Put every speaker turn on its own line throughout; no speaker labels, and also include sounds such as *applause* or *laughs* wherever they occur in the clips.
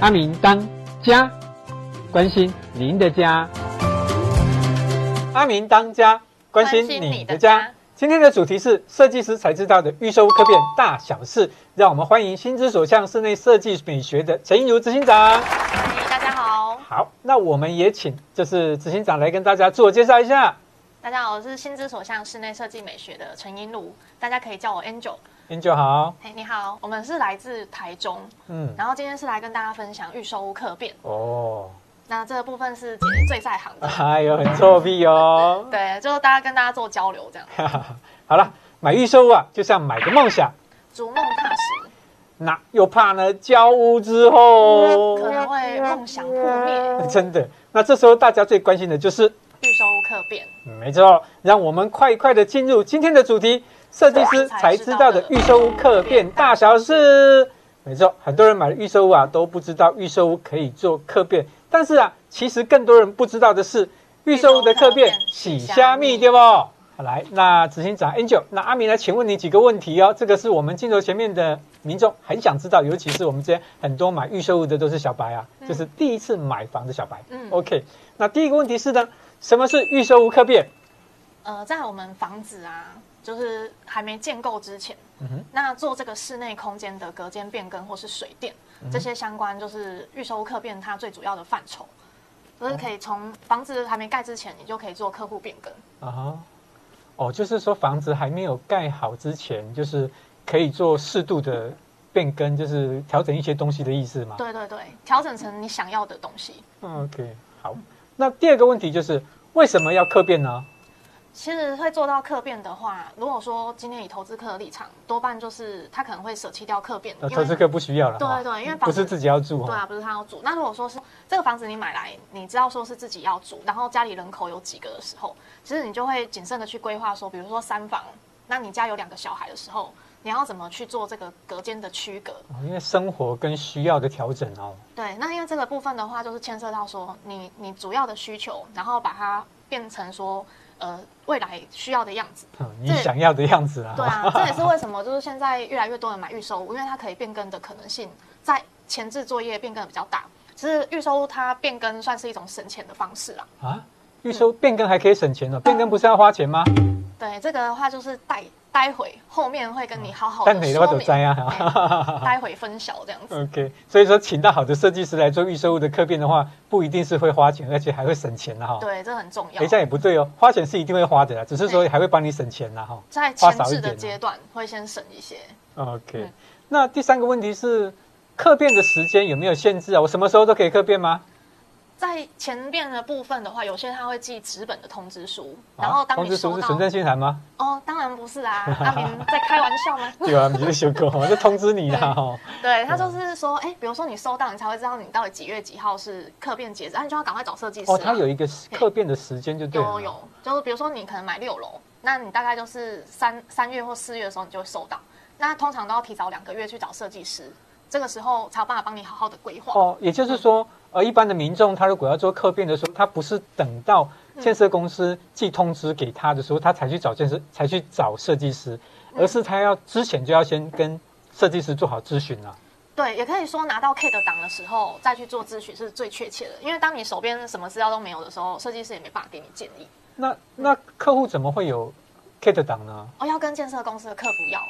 阿明當家，關心您的家。阿明當家，關心你的家。家的家，今天的主題是設計師才知道的預售屋客變大小事，讓我們歡迎心之所向室內設計美學的陳英如執行長。大家好。好，那我們也請就是執行長來跟大家自我介紹一下。
大家好，我是心之所向室內設計美學的陳英如，大家可以叫我 Angel。您好，嘿，hey，你好，我們是來自台中，嗯，然後今天是來跟大家分享預售屋客變哦，那這個部分是姐姐最在行
的，哎呦，很臭屁哦 *laughs* 對，
對，就是大家跟大家做交流這
樣， *laughs* 好了，買預售屋啊，就像買個夢想，
逐夢踏實，
那又怕呢交屋之後可能
會夢想破滅， *laughs* 真
的，那這時候大家最關心的就是
預售屋客變，
沒錯，讓我們快快的進入今天的主題。設計師才知道的預售屋客變大小事，沒錯，很多人買了預售屋啊，都不知道預售屋可以做客變。但是啊，其實更多人不知道的是，預售屋的客變喜蝦米，對不？好來，那執行長 Angel，那阿明來請問你幾個問題哦。這個是我們鏡頭前面的民眾很想知道，尤其是我們這邊很多買預售屋的都是小白啊，就是第一次買房的小白。嗯，嗯，OK。那第一個問題是呢，什麼是預售屋客變？
呃，在我們房子啊。就是還沒建構之前，嗯、哼那做這個室內空間的隔間變更或是水電、嗯、哼這些相關，就是預售客變它最主要的範疇，哦、就是可以從房子還沒蓋之前，你就可以做客戶變更
啊、哦。哦，就是說房子還沒有蓋好之前，就是可以做適度的變更，嗯、就是調整一些東西的意思嗎？
對對對，調整成你想要的東西。嗯、OK，好。嗯、
那第二個問題就是為什麼要客變呢？
其實會做到客變的話，如果說今天以投資客的立場，多半就是他可能會捨棄掉客變、哦。投資客
不需要了、哦，對
對，因為房子不是自己要住、哦。對啊，不是他要住。那如果說是這個房子你買來，你知道說是自己要住，然後家裡人口有幾個的時候，其實你就會謹慎的去規劃說，說比如說三房，那你家有兩個小孩的時候，你要怎麼去做這個隔間的區隔？
哦、因為生活跟需要的調整哦。
對，那因為這個部分的話，就是牽涉到說你你主要的需求，然後把它變成說。呃，未來需要的樣子，
你想要的樣子啊？這對啊，這
也是為什麼就是現在越來越多人買預售屋， *laughs* 因為它可以變更的可能性在前置作業變更的比較大。其實預售屋它變更算是一種省錢的方式啦。啊，預
售變更還可以省錢呢、哦？嗯、變更不是要花錢嗎？嗯
對這個的話，就是待待會後面會跟你好好。但你的話都在
啊。哈哈哈哈
待會分曉這樣子。OK，
所以說請到好的設計師來做預售屋的客變的話，不一定是會花錢，而且還會省錢的、啊、哈。
對，這很重要。哎，這樣
也不對哦，花錢是一定會花的啦，只是說還會幫你省錢哈、啊。欸啊、
在前置的階段會先省一些。
OK，、嗯、那第三個問題是，客變的時間有沒有限制啊？我什麼時候都可以客變嗎？
在前面的部分的話，有些他會寄紙本的通知書，啊、然後當你收到通知書是傳真信函嗎？哦，當然不是啊，他、 *laughs* 啊、們在開玩笑嗎？ *laughs* *laughs* 對啊，不是
修哥，我就通知你啊。
對，他就是說，哎，比如說你收到，你才會知道你到底幾月幾號是客變截止啊你就要趕快找設計師、啊。哦，他有一
個客變的時間就對，就都、
嗯、有,有，就是比如說你可能買六樓，那你大概就是三三月或四月的時候，你就會收到。那通常都要提早兩個月去找設計師。這個時候才有辦法幫你好好的規劃
哦。也就是說，呃、嗯，一般的民眾他如果要做客變的時候，他不是等到建設公司寄通知給他的時候，嗯、他才去找建設，才去找設計師，嗯、而是他要之前就要先跟設計師做好諮詢了、
啊。對，也可以說拿到 CAD 檔的時候再去做諮詢是最確切的，因為當你手邊什麼資料都沒有的時候，設計師也沒辦法給你建議。
那、嗯、那客戶怎麼會有 CAD 檔呢？
哦，要跟建設公司的客服要。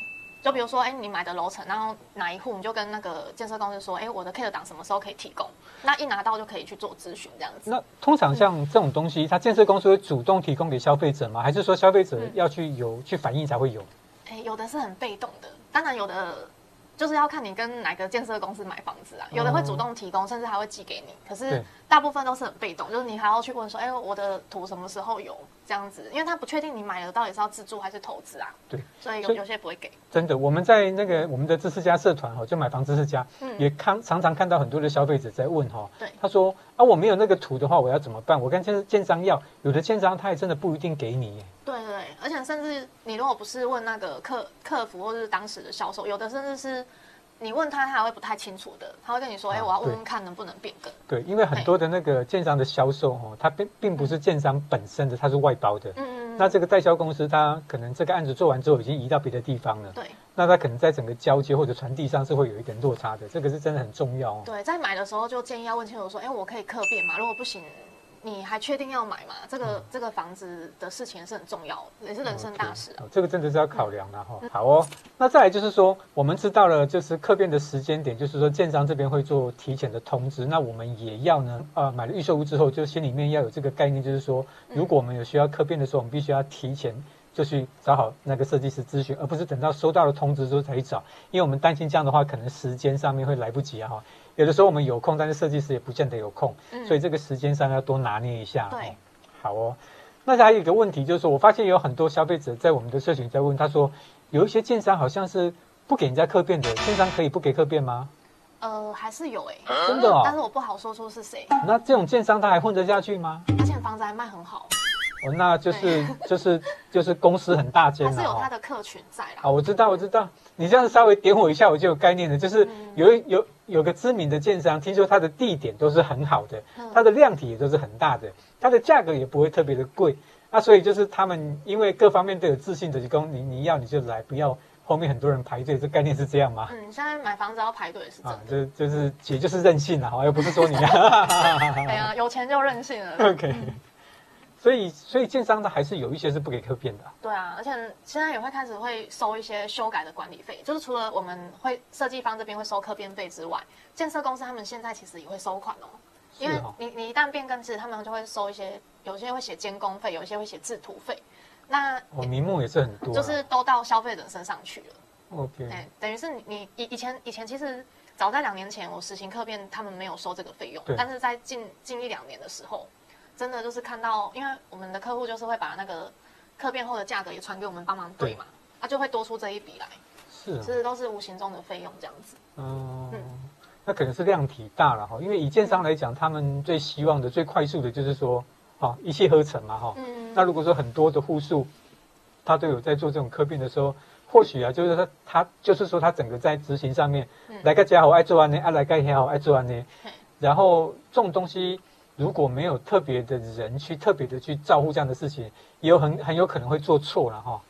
就比如說，哎、欸，你買的樓層，然後哪一戶，你就跟那個建設公司說，哎、欸，我的 CAD 檔什麼時候可以提供？那一拿到就可以去做諮詢這樣子。那
通常像這種東西，嗯、它建設公司會主動提供給消費者嗎？還是說消費者要去有、嗯、去反映才會有？
哎、欸，有的是很被動的，當然有的。就是要看你跟哪個建設公司買房子啊，有的會主動提供，嗯、甚至還會寄給你。可是大部分都是很被動，對就是你還要去問說，哎，我的圖什麼時候有這樣子？因為他不確定你買了到底是要自住還是投資啊。對，所以，有，所以有些不會給。
真的，我們在那個我們的知識家社團哈，就買房知識家，嗯、也看常常看到很多的消費者在問哈、嗯，對，他說啊，我沒有那個圖的話，我要怎麼辦？我跟建建商要有的建商，他也真的不一定給你。
對，對對，而且甚至你如果不是問那個客客服或者是當時的銷售，有的甚至是你問他，他還會不太清楚的，他會跟你說，啊、哎，我要問問看能不能變更
對對，因為很多的那個建商的銷售哦，它並並不是建商本身的，它是外包的。嗯嗯，那這個代銷公司，它可能這個案子做完之後已經移到別的地方了。對。那它可能在整個交接或者傳遞上是會有一點落差的，這個是真的很重要、哦。
對，
在買的時候就建議要問清楚，說，哎，我可以客變嘛？如果不行。你還確定要買
嗎？這個這個房子的事情是很重要，嗯、也
是人生大事啊 okay,、哦。這個真的
是要考量的、啊、哈。嗯、好哦，那再來就是說，我們知道了就是客變的時間點，就是說建商這邊會做提前的通知，那我們也要呢啊、呃、買了預售屋之後，就心裡面要有這個概念，就是說，如果我們有需要客變的時候，我們必須要提前就去找好那個設計師諮詢，而不是等到收到了通知之後才去找，因為我們擔心這樣的話可能時間上面會來不及啊。有的時候我們有空，但是設計師也不見得有空，嗯、所以這個時間上要多拿捏一下。
對、
哦，好哦。那還有一個問題就是，我發現有很多消費者在我們的社群在問，他說有一些建商好像是不給人家客變的，建商可以不給客變嗎？呃，還
是有哎、欸，真的啊、哦，但是我不好說出是誰。那
這種建商他還混得下去嗎？而
且房子還賣
很好。哦，那就是對就是就是公司很大間、哦，還是有他
的客群在
啦。啊、哦，對我知道，我知道。你這樣稍微點我一下，我就有概念了。就是有、嗯、有有個知名的建商，聽說他的地點都是很好的，他的量體也都是很大的，它的價格也不會特別的貴。啊，所以就是他們因為各方面都有自信的提供，說你你要你就來，不要後面很多人排隊，這概念是這樣嗎？嗯，
現在買房子
要排隊是這樣、啊、就就是也就是任性了、哦，好，又不是說你對有
錢就任性了。OK、嗯。所
以，所以建商的還是有一些是不給客變的、
啊。對啊，而且現在也會開始會收一些修改的管理費，就是除了我們會設計方這邊會收客變費之外，建設公司他們現在其實也會收款哦，因
為
你你一旦變更，其實他們就會收一些，有些會寫監工費，有些會寫製圖費，那名、哦、目也
是很多，就是
都到消費者身上去了。OK、欸、等於是你以以前以前其實早在兩年前我實行客變，他們沒有收這個費用，對但是在近近一兩年的時候。真的就是看到，因為我們的客戶就是會把那個客變後的價格也傳給我們幫忙對嘛，他對、啊、就會多出這一筆來，是、啊，其實都
是無形中的費用這樣子。嗯，嗯嗯，那可能是量體大了哈，因為以建商來講，嗯、他們最希望的、最快速的就是說，好、啊、一氣呵成嘛哈。啊、嗯。那如果說很多的戶數，他都有在做這種客變的時候，或許啊，就是說他，他就是說他整個在執行上面，嗯、來個家伙愛做完呢，啊來個家好愛做完呢，嘿然後這種東西。如果沒有特別的人去特別的去照顧這樣的事情，也有很很有可能會做錯了哈，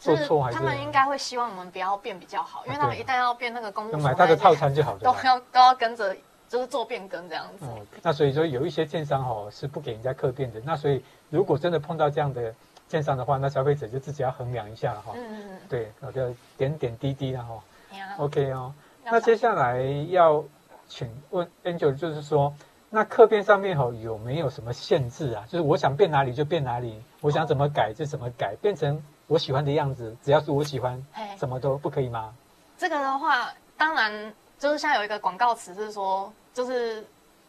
做錯還是，是他們應
該會希望我們不要變比較好，因為他們一旦要變那個工作，啊啊買他的套餐就好了，都要都要跟着就是做變更這樣子。嗯、
那所以說有一些建商哦是不給人家客變的，那所以如果真的碰到這樣的建商的話，那消費者就自己要衡量一下了哈、哦。嗯嗯嗯。對，那就點點滴滴了哈、哦。嗯、OK 哦，那接下來要請問 Angel，就是說。那客變上面吼有沒有什麼限制啊？就是我想變哪裡就變哪裡，我想怎麼改就怎麼改，oh. 變成我喜歡的樣子，只要是我喜歡，Hey. 什麼都不可以嗎？
這個的話，當然就是現在有一個廣告詞是說，就是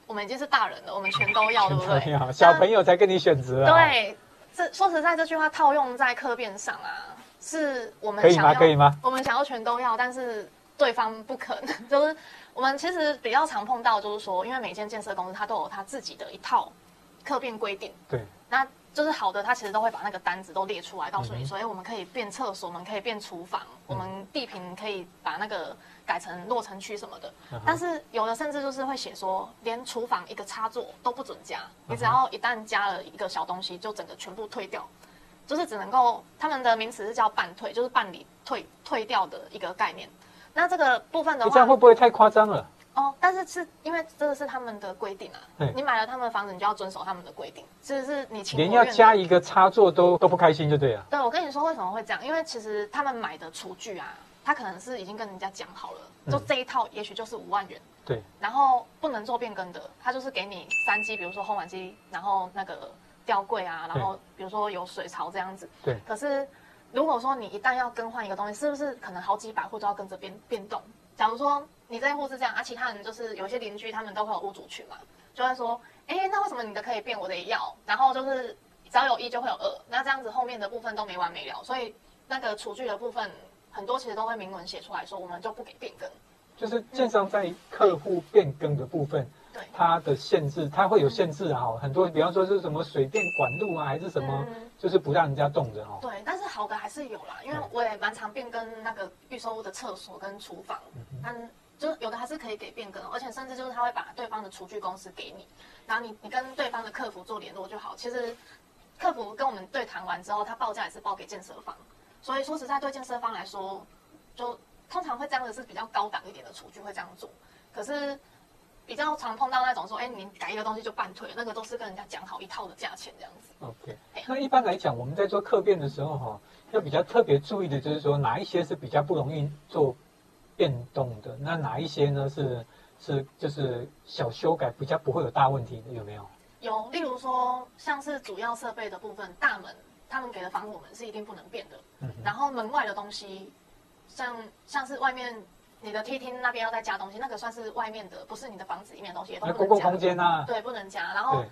我們已經是大人了，我們全都要，都要對不對？
小朋友才跟你選擇。但對，這
說實在，這句話套用在客變上啊，是我們想要可以嗎？可以嗎？我們想要全都要，但是對方不可能，就是。我們其實比較常碰到，就是說，因為每間建設公司它都有它自己的一套客變規定。對。那就是好的，它其實都會把那個單子都列出來，告訴你說、嗯哼欸、我們可以變廁所，我們可以變廚房，我們地坪可以把那個改成落塵區什麼的。嗯、但是有的甚至就是會寫說，連廚房一個插座都不准加，嗯、哼你只要一旦加了一個小東西，就整個全部退掉，就是只能夠他們的名詞是叫辦退，就是辦理退退掉的一個概念。那這個部分的話，這樣，會不會
太誇張了？
哦，但是是因為這個是他們的規定啊。欸、你買了他們的房子，你就要遵守他們的規定。其實是你連要加
一個插座都、嗯、都不開心，就對了、啊。
對，我跟你說為什麼會這樣，因為其實他們買的廚具啊，他可能是已經跟人家講好了，就這一套也許就是五萬元。嗯、對，然後不能做變更的，他就是給你三機比如說烘碗機，然後那個吊櫃啊，然後比如說有水槽這樣子。對，對可是。如果說你一旦要更換一個東西，是不是可能好幾百戶都要跟着變變動？假如說你這一戶是這樣啊，其他人就是有些鄰居他們都會有屋主群嘛，就會說，哎，那為什麼你的可以變，我的也要？然後就是只要有一就會有二，那這樣子後面的部分都沒完沒了。所以那個廚具的部分很多其實都會明文寫出來說，我們就不給變更，
就是建商在客戶變更的部分。嗯對，它的限制，它會有限制哈、啊，嗯、很多，比方說是什麼水電管路啊，還是什麼，就是不讓人家動的哈、哦嗯。
對，但是好的還是有啦，因為我也蠻常變更那個預售屋的廁所跟廚房，嗯、但就是有的還是可以給變更，而且甚至就是他會把對方的廚具公司給你，然後你你跟對方的客服做聯絡就好。其實客服跟我們對談完之後，他報價也是報給建設方，所以說實在對建設方來說，就通常會這樣子是比較高檔一點的廚具會這樣做，可是。比較常碰到那種說，哎、欸，你改一個東西就半退，那個都是跟人家講好一套的價錢這樣
子。OK，那一般來講，我們在做客變的時候哈，要比較特別注意的就是說，哪一些是比較不容易做變動的？那哪一些呢？是是就是小修改，比較不會有大問題的，有沒有？
有，例如說像是主要設備的部分，大門他們給的防火門是一定不能變的。嗯哼，然後門外的東西，像像是外面。你的梯廳那邊要再加東西，那個算是外面的，不是你的房子裡面的東西，也都不能加。公共空間啊、對，不能加。然後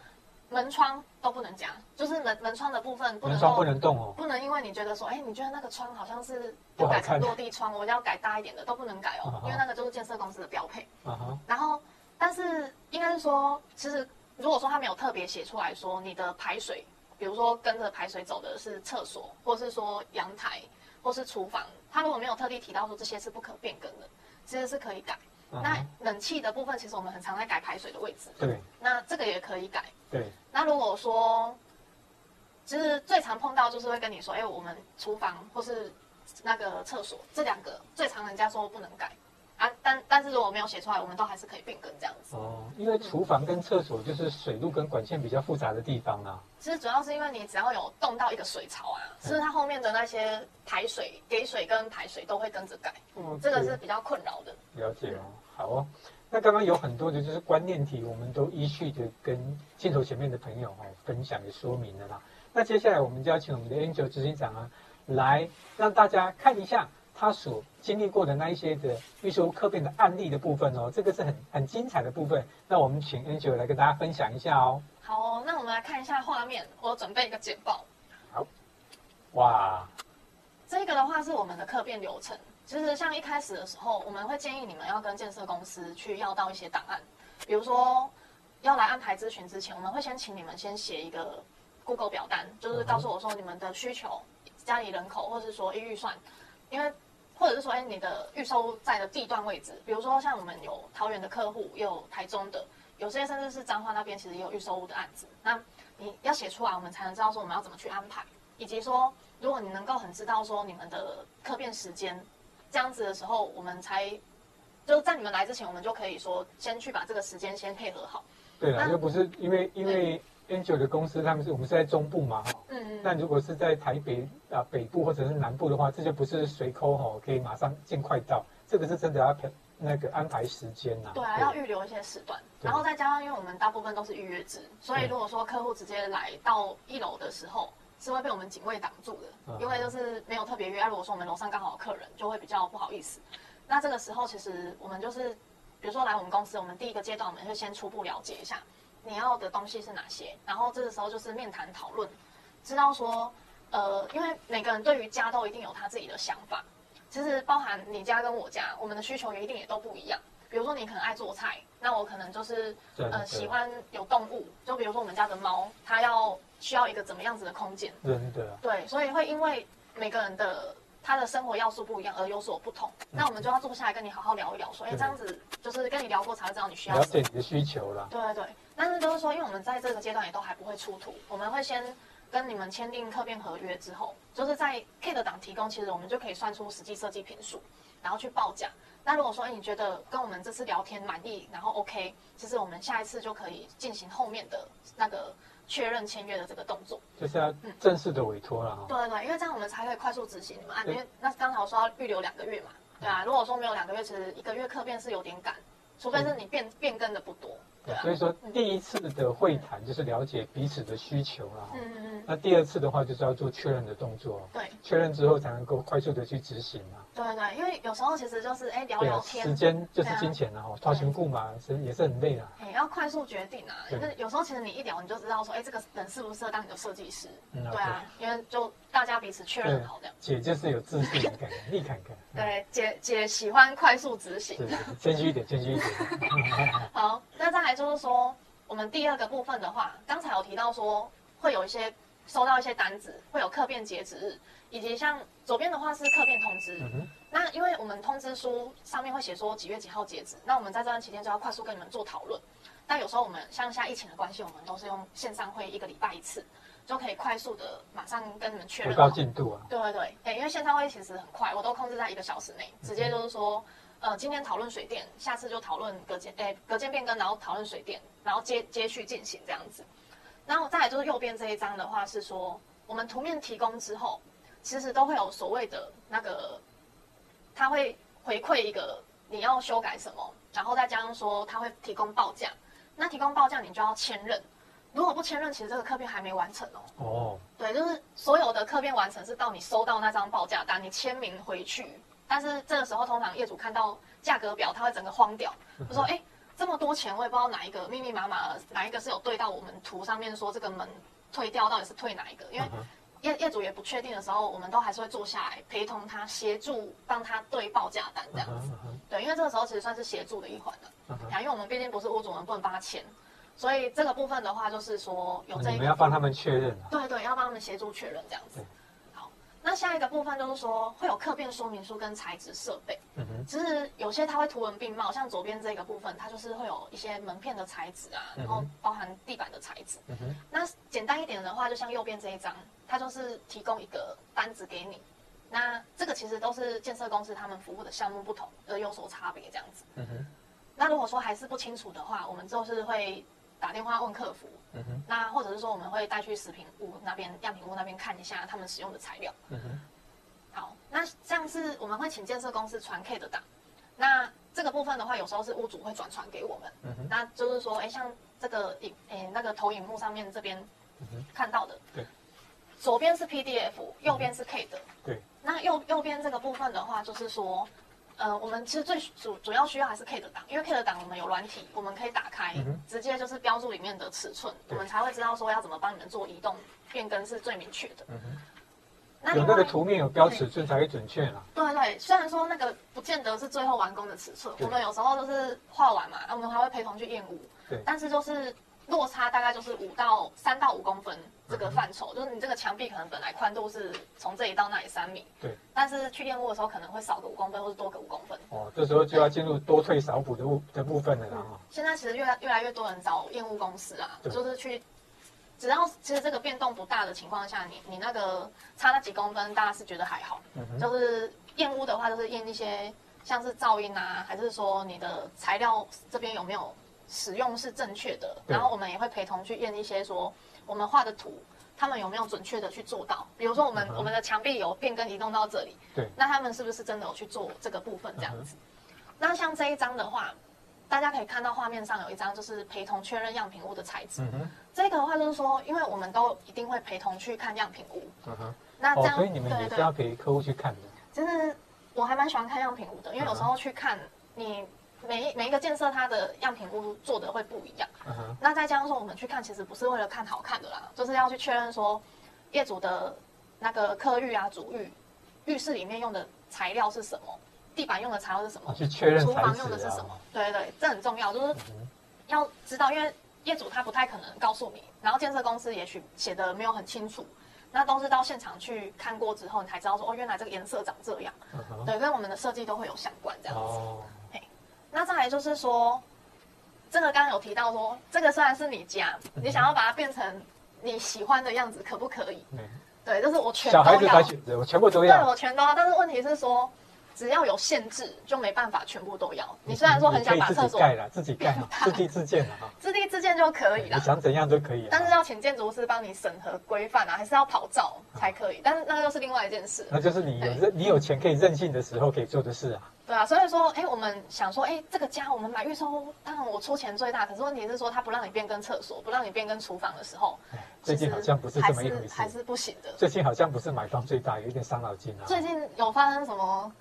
門窗都不能加，對就是門門窗的部分不能。門窗不能動哦。不能，因為你覺得說，哎、欸，你覺得那個窗好像是要改成落地窗，我要改大一點的，都不能改哦，uh huh. 因為那個就是建設公司的標配。Uh huh. 然後，但是應該是說，其實如果說他沒有特別寫出來說，你的排水，比如說跟着排水走的是廁所，或者是說陽台，或是廚房，他如果沒有特地提到說這些是不可變更的。其實是可以改，uh huh. 那冷氣的部分，其實我們很常在改排水的位置。對，那這個也可以改。
對，
那如果說，其實最常碰到就是會跟你說，哎，我們廚房或是那個廁所這兩個最常人家說不能改。啊，但但是如果沒有寫出來，我們都還是可以變更這樣
子哦。因為廚房跟廁所就是水路跟管線比較複雜的地方啊、嗯。其
實主要是因為你只要有動到一個水槽啊，其實、嗯、它後面的那些排水、給水跟排水都會跟着改。
嗯，這個是比較困擾
的。嗯、了解哦，好哦。那剛剛有很多的就是觀念題，我們都依序的跟鏡頭前面的朋友哈、哦、分享也說明了啦。那接下來我們就要請我們的 Angel 執行長啊來讓大家看一下。他所經歷過的那一些的預售客變的案例的部分哦，這個是很很精彩的部分。那我們請 Angel 來跟大家分享一下哦。
好哦，那我們來看一下畫面，我準備一個簡報。好。
哇，
這個的話是我們的客變流程。其實像一開始的時候，我們會建議你們要跟建設公司去要到一些檔案，比如說要來安排諮詢之前，我們會先請你們先寫一個 Google 表單，就是告訴我說你們的需求、家裡人口或者是說一預算，因為。或者是說，哎，你的預售在的地段位置，比如說像我們有桃園的客戶，也有台中的，有些甚至是彰化那邊，其實也有預售的案子。那你要寫出來，我們才能知道說我們要怎麼去安排，以及說如果你能夠很知道說你們的客變時間，這樣子的時候，我們才就在你們來之前，我們就可以說先去把這個時間先配合好。對了啦，又那不是
因為因為。N 九的公司，他們是我們是在中部嘛，嗯嗯。那如果是在台北啊北部或者是南部的話，這就不是隨摳吼，嗯、可以馬上盡快到，這個是真的要那個安排時間吶。對啊，
對對要預留一些時段。然後再加上，因為我們大部分都是預約制，對所以如果說客戶直接來到一樓的時候，是會被我們警衛擋住的，嗯、因為就是沒有特別約。啊如果說我們樓上剛好有客人，就會比較不好意思。那這個時候，其實我們就是，比如說來我們公司，我們第一個階段我們會先初步了解一下。你要的東西是哪些？然後這個時候就是面談討論，知道說，呃，因為每個人對於家都一定有他自己的想法。其實包含你家跟我家，我們的需求一定也都不一樣。比如說你可能愛做菜，那我可能就是對對對、啊、呃喜歡有動物，就比如說我們家的貓，它要需要一個怎麼樣子的空間？
對對
對、啊、對，所以會因為每個人的。他的生活要素不一樣，而有所不同，那我們就要坐下來跟你好好聊一聊，嗯、說，哎、欸，這樣子就是跟你聊過才會知道你需要什麼，了解你的需求啦。’對，對對，但是就是說，因為我們在這個階段也都還不會出圖，我們會先跟你們簽訂客變合約之後，就是在 K 的檔提供，其實我們就可以算出實際設計坪數，然後去報價。那如果說、欸，你覺得跟我們這次聊天滿意，然後 OK，其實我們下一次就可以進行後面的那個。確認簽約的這個動作，就是
要正式的委托了、哦嗯。
對對對，因為這樣我們才可以快速執行嘛。對因為那剛才我說要預留兩個月嘛，對啊。嗯、如果說沒有兩個月，其實一個月客變是有點趕，除非是你變、嗯、變更的不多。
對，啊、對，所以說第一次的會談就是了解彼此的需求啦。嗯。嗯那第二次的話就是要做確認的動作，對，
確認之
後才能夠快速的去執行嘛。
對對，因
為有時候其實就是哎聊聊天，時間就是金錢
啊，抓人顧嘛其實也是很累的。
也要快速決定啊，有時候其實你一聊你就知道說，哎，這個人適不適合當你的設計師，對啊，因為就大家彼此確認好的。姐
就是有自信的感覺，你
看看，對，姐姐喜歡快速執行。
謙虛一點，謙虛
一點。好，那再來就是說，我們第二個部分的話，剛才有提到說會有一些。收到一些單子，會有客變截止日，以及像左邊的話是客變通知。嗯、哼那因為我們通知書上面會寫說幾月幾號截止，那我們在這段期間就要快速跟你們做討論。但有時候我們像現在疫情的關係，我們都是用線上會，一個禮拜一次，就可以快速的馬上跟你們確認進度啊。對對對、欸，因為線上會其實很快，我都控制在一個小時內，嗯、哼直接就是說，呃，今天討論水電，下次就討論隔間，哎、欸，隔間變更，然後討論水電，然後接接續進行這樣子。然後再來就是右邊這一張的話，是說我們圖面提供之後，其實都會有所謂的那個，他會回饋一個你要修改什麼，然後再加上說他會提供報價，那提供報價你就要簽認，如果不簽認，其實這個客變還沒完成哦。哦，對，就是所有的客變完成是到你收到那張報價單，你簽名回去，但是這個時候通常業主看到價格表他會整個慌掉，他說哎。這麼多錢，我也不知道哪一個密密麻麻，哪一個是有對到我們圖上面說這個門退掉，到底是退哪一個？因為業業主也不確定的時候，我們都還是會坐下來陪同他，協助幫他對報價單這樣子。對，因為這個時候其實算是協助的一環了。然後，因為我們畢竟不是屋主，我們不能發錢，所以這個部分的話，就是說有這一個，嗯，你們要幫他們確認啊。對，對對，要幫他們協助確認這樣子。那下一個部分就是說會有客變說明書跟材質設備，嗯、哼其實有些它會圖文並茂，像左邊這個部分，它就是會有一些門片的材質啊，嗯、哼然後包含地板的材質。嗯、哼那簡單一點的話，就像右邊這一張，它就是提供一個單子給你。那這個其實都是建設公司他們服務的項目不同而有所差別這樣子。嗯、哼那如果說還是不清楚的話，我們就是會打電話問客服。嗯、那或者是說我們會帶去食品屋那邊，樣品屋那邊看一下他們使用的材料。嗯、哼好，那樣是我們會請建設公司傳 CAD 檔，那這個部分的話有時候是屋主會轉傳給我們。嗯、哼那就是說，哎、欸，像這個影，欸、那個投影幕上面這邊看到的，
對，
左邊是 PDF，右邊是 CAD。對，那右右邊這個部分的話就是說。呃，我們其實最主主要需要還是 K 的檔，因為 K 的檔我們有軟體，我們可以打開，嗯、哼直接就是標注裡面的尺寸，對我們才會知道說要怎麼幫你們做移動變更是最明確的。嗯、哼那有那個圖面有標尺寸
才會準確啦、
啊。對，對對，雖然說那個不見得是最後完工的尺寸，對我們有時候就是畫完嘛，我們還會陪同去驗屋，對但是就是。落差大概就是五到三到五公分這個範疇、嗯哼，就是你這個牆壁可能本來寬度是從這裡到那裡三米，對，但是去驗屋的時候可能會少個五公分或者多個五公分。
哦，這時候就要進入多退少補的部對的部分了啦、嗯。
現在其實越來越來越多人找驗屋公司啊，對就是去，只要其實這個變動不大的情況下，你你那個差那幾公分，大家是覺得還好。嗯哼。就是驗屋的話，就是驗一些像是噪音啊，還是說你的材料這邊有沒有？使用是正確的，然後我們也會陪同去驗一些說我們畫的圖，他們有沒有準確的去做到。比如說我們、嗯、哼我們的牆壁有變更移動到這裡，對，那他們是不是真的有去做這個部分這樣子？嗯、哼那像這一張的話，大家可以看到畫面上有一張就是陪同確認樣品屋的材質。嗯、哼這個的話就是說，因為我們都一定會陪同去看樣品屋。
嗯哼，那這樣、哦，所以你們也是要給客戶去看的。
就是我還蠻喜歡看樣品屋的，因為有時候去看你。嗯每一每一個建設它的樣品屋做的會不一樣，uh huh. 那再加上說我們去看，其實不是為了看好看的啦，就是要去確認說業主的那個客浴啊、主浴、浴室裡面用的材料是什麼，地板用的材料是什麼，啊、去確認材質啊、廚房用的是什麼，對對對，這很重要，就是要知道，uh huh. 因為業主他不太可能告訴你，然後建設公司也許寫的沒有很清楚，那都是到現場去看過之後，你才知道說哦，原來這個顏色長這樣，uh huh. 對，跟我們的設計都會有相關這
樣子。Uh huh.
那再來就是說，這個剛剛有提到說，這個雖然是你家，你想要把它變成你喜歡的樣子，可不可以？對，就是我全部要。小孩子才選擇，我全部都要。對，我全都要。但是問題是說，只要有限制，就沒辦法全部都要。你雖然說很想把廁所蓋了，
自己蓋，自地自建了哈，
自地自建就可以了。你想
怎樣都可以。但是
要請建築師幫你審核規範啊，還是要跑照才可以。但是那就又是另外一件事。那就是你有任，
你有錢可以任性的時候可以做的事啊。
對啊，所以說，哎、欸，我們想說，哎、欸，這個家我們買預售，當然我出錢最大，可是問題是說，他不讓你變更廁所，不讓你變更廚房的時候，
最近好像不是這麼一回事，還是，還
是不行的。最
近好像不是買方最大，有一點傷腦筋啊。最
近有發生什麼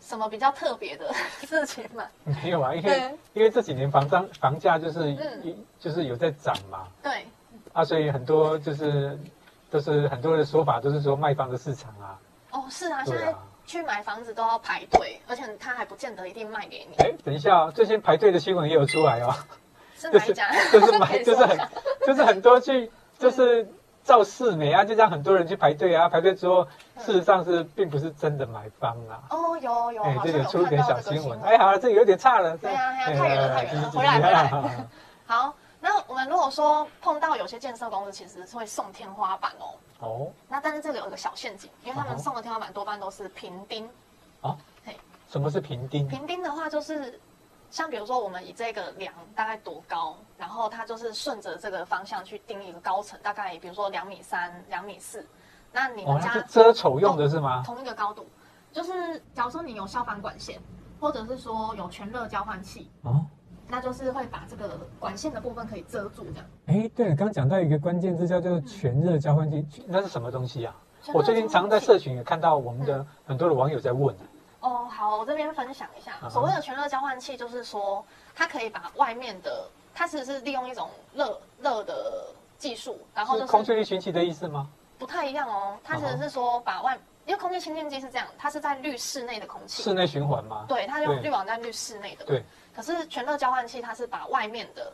什麼比較特別的
事情嗎、啊？ *laughs* 沒有啊，因為對因為這幾年房、房價就是、
嗯、
就是有在漲嘛，
對，
啊，所以很多就是就是很多的說法都是說賣方的市場啊。
哦，是啊，啊現在。去買房子都要排隊，而且他還不見得一定
賣給你。哎，等一下啊，最近排隊的新聞也有出來啊，就是買，
就是買，就是很，
就是很
多去，就是造勢美啊，就這樣很多人去排隊啊，排隊之後，事實上是並不是真的買方啊。哦，
有有，哎，這就出點小新聞。
哎，好了，這有點差了，對呀，太遠了，太遠了，回來回來，好。
那我們如果說碰到有些建設公司，其實是會送天花板哦。哦。那但是這個有一個小陷阱，因為他們送的天花板多半都是平釘。啊、哦。嘿，
什麼是平釘？平
釘的話就是，像比如說我們以這個樑大概多高，然後它就是順着這個方向去釘一個高層，大概比如說兩米三、兩米四。那你們家、哦、這遮醜用的是嗎？同一個高度，就是假如說你有消防管線，或者是說有全熱交換器、哦那就是會把這個管線的部分可以遮住，這
樣。哎，對了，剛剛講到一個關鍵字，叫、就、做、是、全熱交換器，嗯、那是什麼東西啊？我最近常在社群也看到我們的很多的網友在問、啊、
哦，好，我這邊分享一下。Uh huh. 所謂的全熱交換器，就是說它可以把外面的，它其實是利用一種熱熱的技術，然後是空氣
循環的意思嗎？
不太一樣哦，它其實是說把外，huh. 因為空氣清淨機是這樣，它是在濾室內的空氣。室內
循環嗎？對，它用濾網
在濾室內的。對。可是全熱交換器，它是把外面的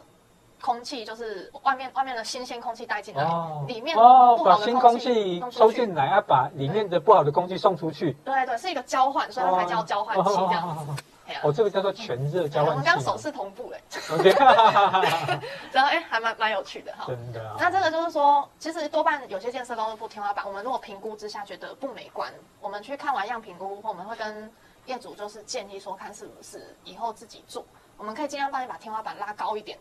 空氣，就是外面外面的新鮮空氣帶進來，裡面不好的空、哦哦、把新空氣收進
來、啊，把裡面的不好的空氣送出去。對
對，對，是一個交換，所以它才叫交換器、哦、這樣子。
哦，這個叫做全熱交換器、嗯。我們剛剛手
勢同步嘞。然後哎、欸，還蠻蠻有趣的哈。真的、啊。它這個就是說，其實多半有些建設公司不封天花板，我們如果評估之下覺得不美觀，我們去看完樣評估後，我們會跟。業主就是建議說，看是不是以後自己做。我們可以儘量幫你把天花板拉高一點，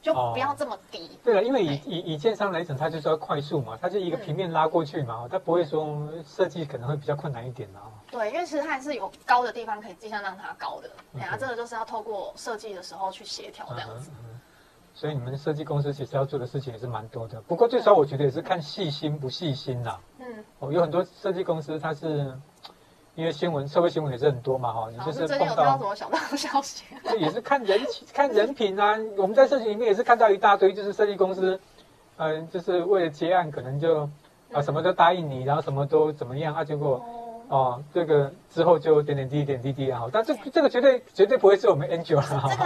就不要這麼低。哦、對
了，因為以對以以建商來講，它就是要快速嘛，它就一個平面拉過去嘛，嗯、它不會說設計可能會比較困難一點啊。
對，因為其實它還是有高的地方可以儘量讓它高的。然後、嗯啊、這個就是要透過設計的時候去協調
這樣子、嗯嗯。所以你們設計公司其實要做的事情也是蠻多的，不過最少我覺得也是看細心不細心啦、啊。嗯，哦，有很多設計公司它是。嗯因為新聞、社會新聞也是很多嘛，哈，你就是碰到。我們真有聽到
什麼小道消息。也是
看人、看人品啊。我們在社群裡面也是看到一大堆，就是設計公司，嗯，就是為了接案，可能就啊、呃、什麼都答應你，然後什麼都怎麼樣啊，結果。哦哦，這個之後就點點滴點滴滴滴也好，但是這，對這個絕對絕對不會是我們 Angel、啊。這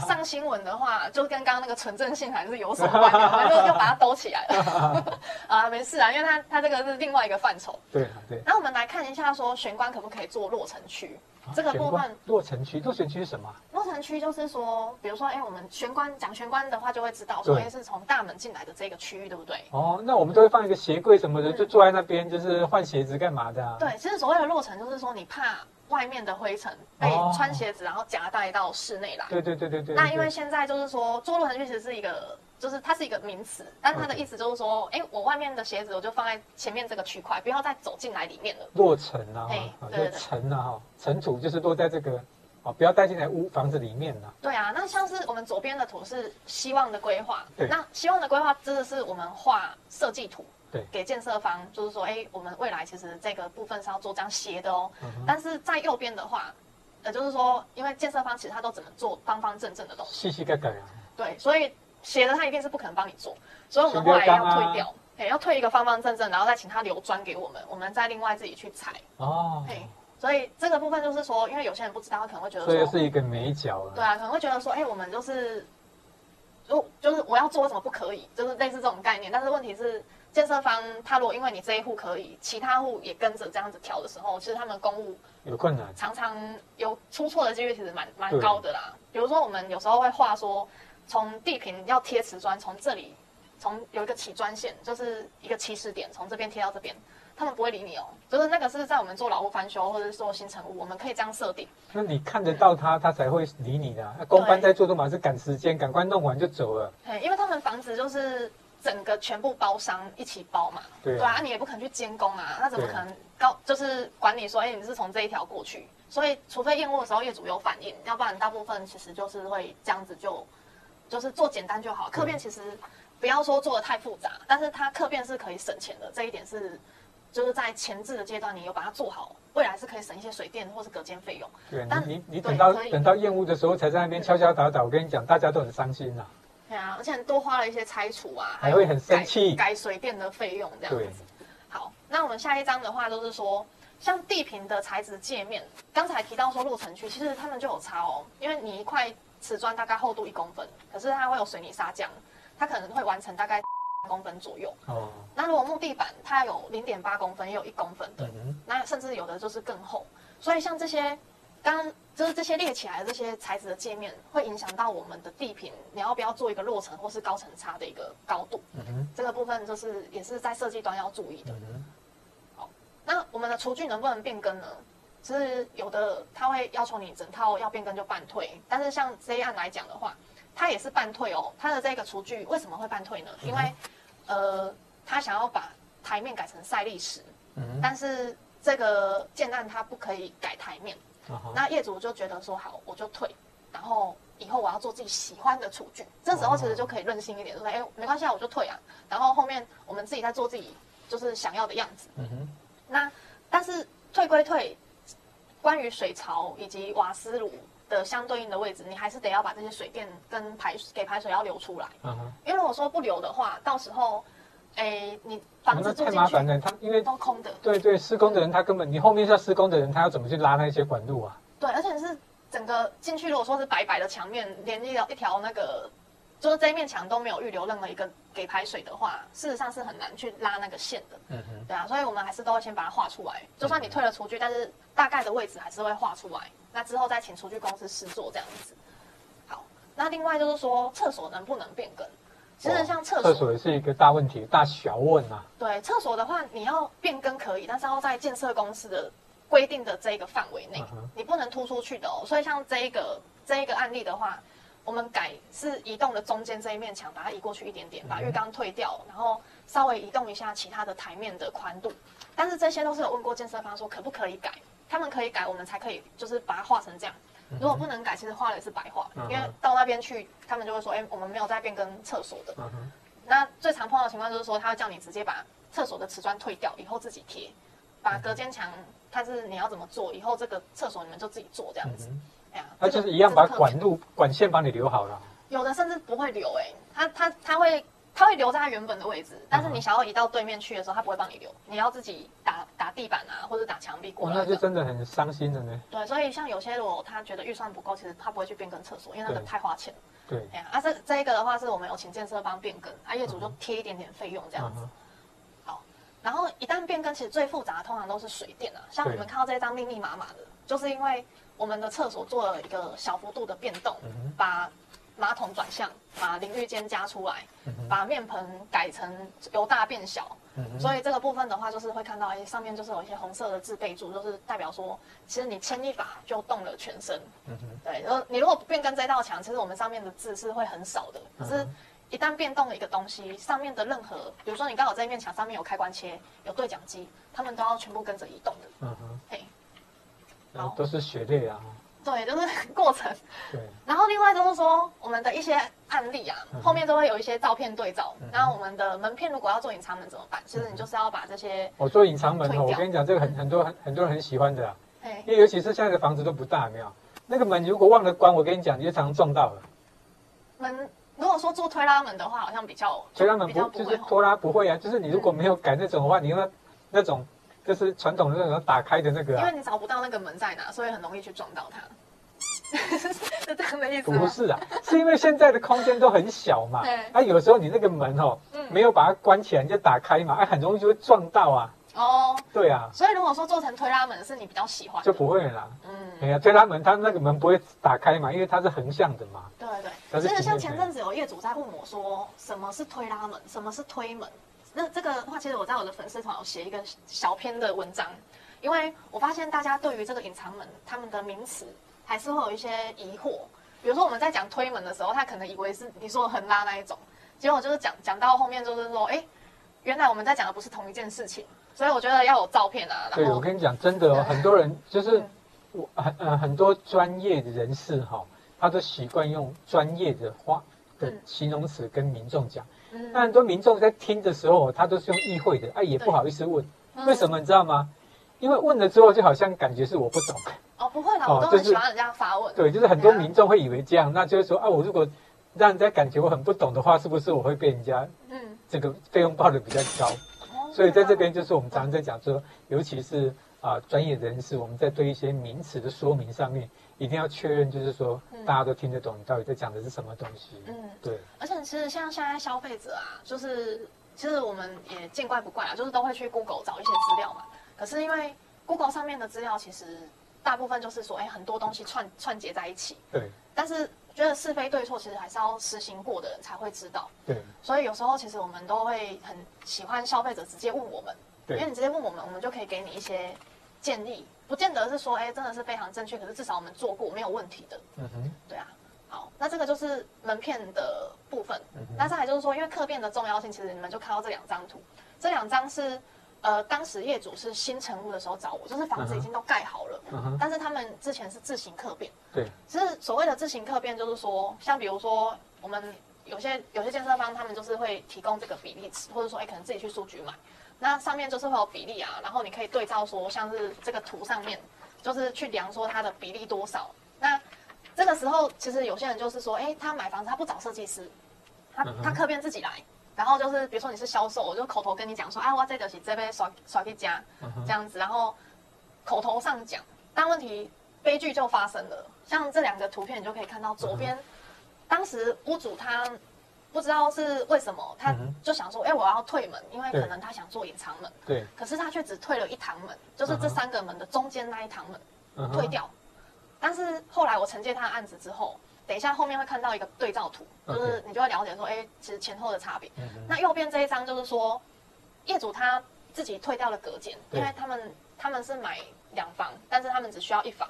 個
上新聞的話， *laughs* 就跟剛剛那個純正性還是有所關聯，就就 *laughs* *laughs* 把它兜起來
了。
*laughs* 啊，沒事啊，因為它它這個是另外一個範疇。
對、啊、對。
那我們來看一下，說玄關可不可以做落塵區？這個部分
落塵、啊、區，落塵區是什麼、啊？
落塵區就是說，比如說，哎，我們玄關講玄關的話，就會知道，首先是從大門進來的這個區域，對，對
不對？哦，那我們都會放一個鞋櫃什麼的，對就坐在那邊，就是換鞋子幹嘛的、啊？
對，其實所謂的落塵就是說，你怕外面的灰塵被穿鞋子然後夾帶到室內啦、哦。對
對對對對，對，對。那因為現
在就是說，做落塵區其實是一個。就是它是一個名詞，但它的意思就是說，哎 Okay.、欸，我外面的鞋子我就放在前面這個區塊，不要再走進來裡面了。
落塵啊，欸、對對塵啊哈，塵土就是落在這個，哦，不要帶進來屋房子裡面了。
對啊，那像是我們左邊的圖是希望的規劃，對那希望的規劃真的是我們畫設計圖，對，給建設方就是說，哎、欸，我們未來其實這個部分是要做這樣斜的哦。Uh huh. 但是在右邊的話，呃，就是說，因為建設方其實他都只能做方方正正的東西，細細格啊。對，所以。寫的他一定是不可能幫你做，所以我們後來要退掉，啊欸、要退一個方方正正，然後再請他留磚給我們，我們再另外自己去裁哦、欸。所以這個部分就是說，因為有些人不知道，他可能會覺得說所以是一個
美角、啊、對
啊，可能會覺得說，哎、欸，我們就是，就就是我要做為什麼不可以，就是類似這種概念。但是問題是，建設方他如果因為你這一戶可以，其他戶也跟着這樣子調的時候，其實他們公務
有困難，常
常有出錯的幾率其實蠻蠻對高的啦。比如說我們有時候會畫說。從地坪要貼瓷磚，從這裡，從有一個起磚線，就是一個起始點，從這邊貼到這邊，他們不會理你哦、喔。就是那個是在我們做老屋翻修或者是做新成屋，我們可以這樣設定。
那你看得到他，嗯、他才會理你的、啊。工班在做都馬，都嘛是趕時間，趕快弄完就走
了。對，
因為他們房子就是整個全部包商一起包嘛，對啊，對啊，啊你也不可能去監工啊，那怎麼可能？高就是管理說，哎、欸，你是從這一條過去，所以除非驗屋的時候業主有反應，要不然大部分其實就是會這樣子就。就是做簡單就好，客變其實不要說做的太複雜，對但是它客變是可以省錢的，這一點是就是在前置的階段，你有把它做好，未來是可以省一些水電或是隔間費用。對，
但你你等到等到驗屋的時候才在那邊敲敲打打，嗯、我跟你講，大家都很傷心吶、
啊。對啊，而且多花了一些拆除啊，還，還會很生氣改水電的費用這樣子。對，好，那我們下一張的話就是說像地坪的材質界面，剛才提到說落塵區，其實他們就有差哦，因為你一塊。瓷磚大概厚度一公分，可是它會有水泥砂漿，它可能會完成大概三公分左右。哦，oh. 那如果木地板它有零點八公分，也有一公分，對的，那甚至有的就是更厚。所以像這些，剛，剛就是這些列起來的這些材質的界面，會影響到我們的地坪，你要不要做一個落層或是高層差的一個高度？Uh huh. 這個部分就是也是在設計端要注意
的，的。
好，那我們的廚具能不能變更呢？其實有的他會要求你整套要變更就半退，但是像這一案來講的話，他也是半退哦。他的這個廚具為什麼會半退呢？因為，uh huh. 呃，他想要把台面改成賽麗石，嗯、
uh，huh. 但
是這個建案他不可以改台面，uh huh. 那業主就覺得說好，我就退，然後以後我要做自己喜歡的廚具。Uh huh. 這時候其實就可以任性一點，uh huh. 說哎、欸，沒關係啊，我就退啊。然後後面我們自己再做自己就是想要的樣子，嗯、uh huh. 那但是退歸退。關於水槽以及瓦斯爐的相對應的位置，你還是得要把這些水電跟排水給排水要留出來。嗯哼，因為如果說不留的話，到時候，哎、欸，你房子太麻煩了。它因為都空的。
對，對對，施工的人他根本你後面是要施工的人，他要怎麼去拉那些管路啊？
對，而且你是整個進去，如果說是白白的牆面，連一條一條那個。就是這一面牆都沒有預留任何一個給排水的話，事實上是很難去拉那個線的。
嗯哼對啊，
所以我們還是都要先把它畫出來。就算你退了廚具，但是大概的位置還是會畫出來。那之後再請廚具公司施作這樣子。好，那另外就是說，廁所能不能變更？其實像廁所、哦、廁所也
是一個大問題，大小問啊。
對，廁所的話你要變更可以，但是要在建設公司的規定的這一個範圍內，嗯、哼你不能突出去的哦。所以像這一個這一個案例的話。我們改是移動的中間這一面牆，把它移過去一點點，把浴缸退掉，然後稍微移動一下其他的台面的寬度。但是這些都是有問過建設方說可不可以改，他們可以改，我們才可以就是把它畫成這樣。如果不能改，其實畫了也是白畫，嗯、哼因為到那邊去他們就會說，哎、欸，我們沒有在變更廁所的。嗯、哼那最常碰到的情況就是說，他會叫你直接把廁所的瓷磚退掉，以後自己貼。把隔間牆它、嗯、哼是你要怎麼做，以後這個廁所你們就自己做這樣子。嗯啊、他就是一樣把管路、
管線幫你留好了，
有的甚至不會留哎、欸，他他他會他會留在它原本的位置，但是你想要移到對面去的時候，他不會幫你留，你要自己打打地板啊，或者打牆壁過來。哇、哦，那就真的
很傷心的呢。
對，所以像有些如果他覺得預算不夠，其實他不會去變更廁所，因為那個太花錢。對，哎呀、啊，啊這這一個的話是我們有請建設幫變更，啊業主就貼一點點費用這樣子。嗯、
哼
好，然後一旦變更，其實最複雜通常都是水電啊，像我們看到這張密密麻麻的，對就是因為。我們的廁所做了一個小幅度的變動，嗯、哼把馬桶轉向，把淋浴間加出來，嗯、哼把面盆改成由大變小。嗯、哼所以這個部分的話，就是會看到，哎，上面就是有一些紅色的字備註，就是代表說，其實你牽一把就動了全身。嗯、哼對，然後你如果不變更這道牆，其實我們上面的字是會很少的。可是，一旦變動了一個東西，上面的任何，比如說你剛好這一面牆上面有開關切，有對講機，他們都要全部跟着移動的。
嗯哼嘿。啊、都是血淚啊！對，就
是過程。對，然後另外就是說我們的一些案例啊，嗯、哼後面都會有一些照片對照。那、嗯、哼我們的門片如果要做隱藏門怎麼辦？其實、嗯、哼你就是要把這些。
我做隱藏門哦，掉我跟你講，這個很很多很很多人很喜歡的啊。對因為尤其是現在的房子都不大，沒有那個門如果忘了關，我跟你講，你就常常撞到了。
門如果說做推拉門的話，好像比較，比較推拉門不就是
拖拉不會啊？就是你如果沒有改那種的話，嗯、你用那種。就是傳統的那種打開的那個、啊，因為你
找不到那個門在哪，所以很容易去撞到它， *laughs* 是這樣的意思。不是
啊，是因為現在的空間都很小嘛，哎對、啊，有時候你那個門哦，嗯、沒有把它關起來你就打開嘛，哎、啊，很容易就會撞到啊。
哦，對啊。所以如果說做成推拉門是你比較喜歡的，就不會啦。嗯、
對啊，推拉門它那個門不會打開嘛，因為它是橫向的嘛。
對對。真的像前陣子有業主在問我說，說什麼是推拉門，什麼是推門？那這個話，其實我在我的粉絲團有寫一個小篇的文章，因為我發現大家對於這個隱藏門，他們的名詞還是會有一些疑惑。比如說我們在講推門的時候，他可能以為是你說的橫拉那一種，結果就是講講到後面就是說，哎、欸，原來我們在講的不是同一件事情。所以我覺得要有照片啊。對，我跟
你講，真的、哦，很多人 *laughs* 就是我很、嗯、呃很多專業的人士哈、哦，他都習慣用專業的話的形容詞跟民眾講。嗯那、嗯、很多民眾在聽的時候，他都是用意會的，哎、啊，也不好意思問，對為什麼、嗯、你知道嗎？因為問了之後，就好像感覺是我不懂，哦，不會啦，我都很喜歡人家
發問、哦就是，對，就是很多
民眾會以為這樣，啊、那就是說啊，我如果讓人家感覺我很不懂的話，是不是我會被人家嗯，這個費用報的比較高？哦啊、所以在這邊就是我們常常在講說，尤其是。啊，專業人士，我們在對一些名詞的說明上面，一定要確認，就是說、嗯、大家都聽得懂，你到底在講的是什麼東西。嗯，對。
而且其
實像現在消費者啊，就是其實我們也見怪不怪啊，就是都會去 Google 找一些資料嘛。可是因為 Google 上面的資料，其實大部分就是說，哎、欸，很多東西串串結在一起。對。但是覺得是非對錯，其實還是要實行過的人才會知道。對。所以有時候其實我們都會很喜歡消費者直接問我們。對。因為你直接問我們，我們就可以給你一些。建議不見得是說，哎、欸，真的是非常正確。可是至少我們做過沒有問題的。嗯
Okay.
對啊，好，那這個就是門片的部分。那 Okay. 再來就是說，因為客變的重要性，其實你們就看到這兩張圖，這兩張是，呃，當時業主是新成屋的時候找我，就是房子已經都蓋好了，uh huh. 但是他們之前是自行客變。對、uh，huh. 其實所謂的自行客變，就是說，像比如說我們有些有些建設方，他們就是會提供這個比例尺，或者說，哎、欸，可能自己去書局買。那上面就是會有比例啊，然後你可以對照說，像是這個圖上面，就是去量說它的比例多少。那這個時候其實有些人就是說，哎、欸，他買房子他不找設計師，他他客變，自己來，然後就是比如說你是銷售，我就口頭跟你講說，啊，我這邊這邊刷甩一家這樣子，然後口頭上講，但問題悲劇就發生了。像這兩個圖片你就可以看到左，左邊、uh huh. 當時屋主他。不知道是為什麼，他就想說，哎、欸，我要退門，因為可能他想做隱藏門。對。可是他卻只退了一堂門，就是這三個門的中間那一堂門、uh huh. 退掉。但是後來我承接他的案子之後，等一下後面會看到一個對照圖，就是你就會了解說，哎、欸，其實前後的差別。Okay. 那右邊這一張就是說，業主他自己退掉了隔間，uh huh. 因為他們他們是買兩房，但是他們只需要一房。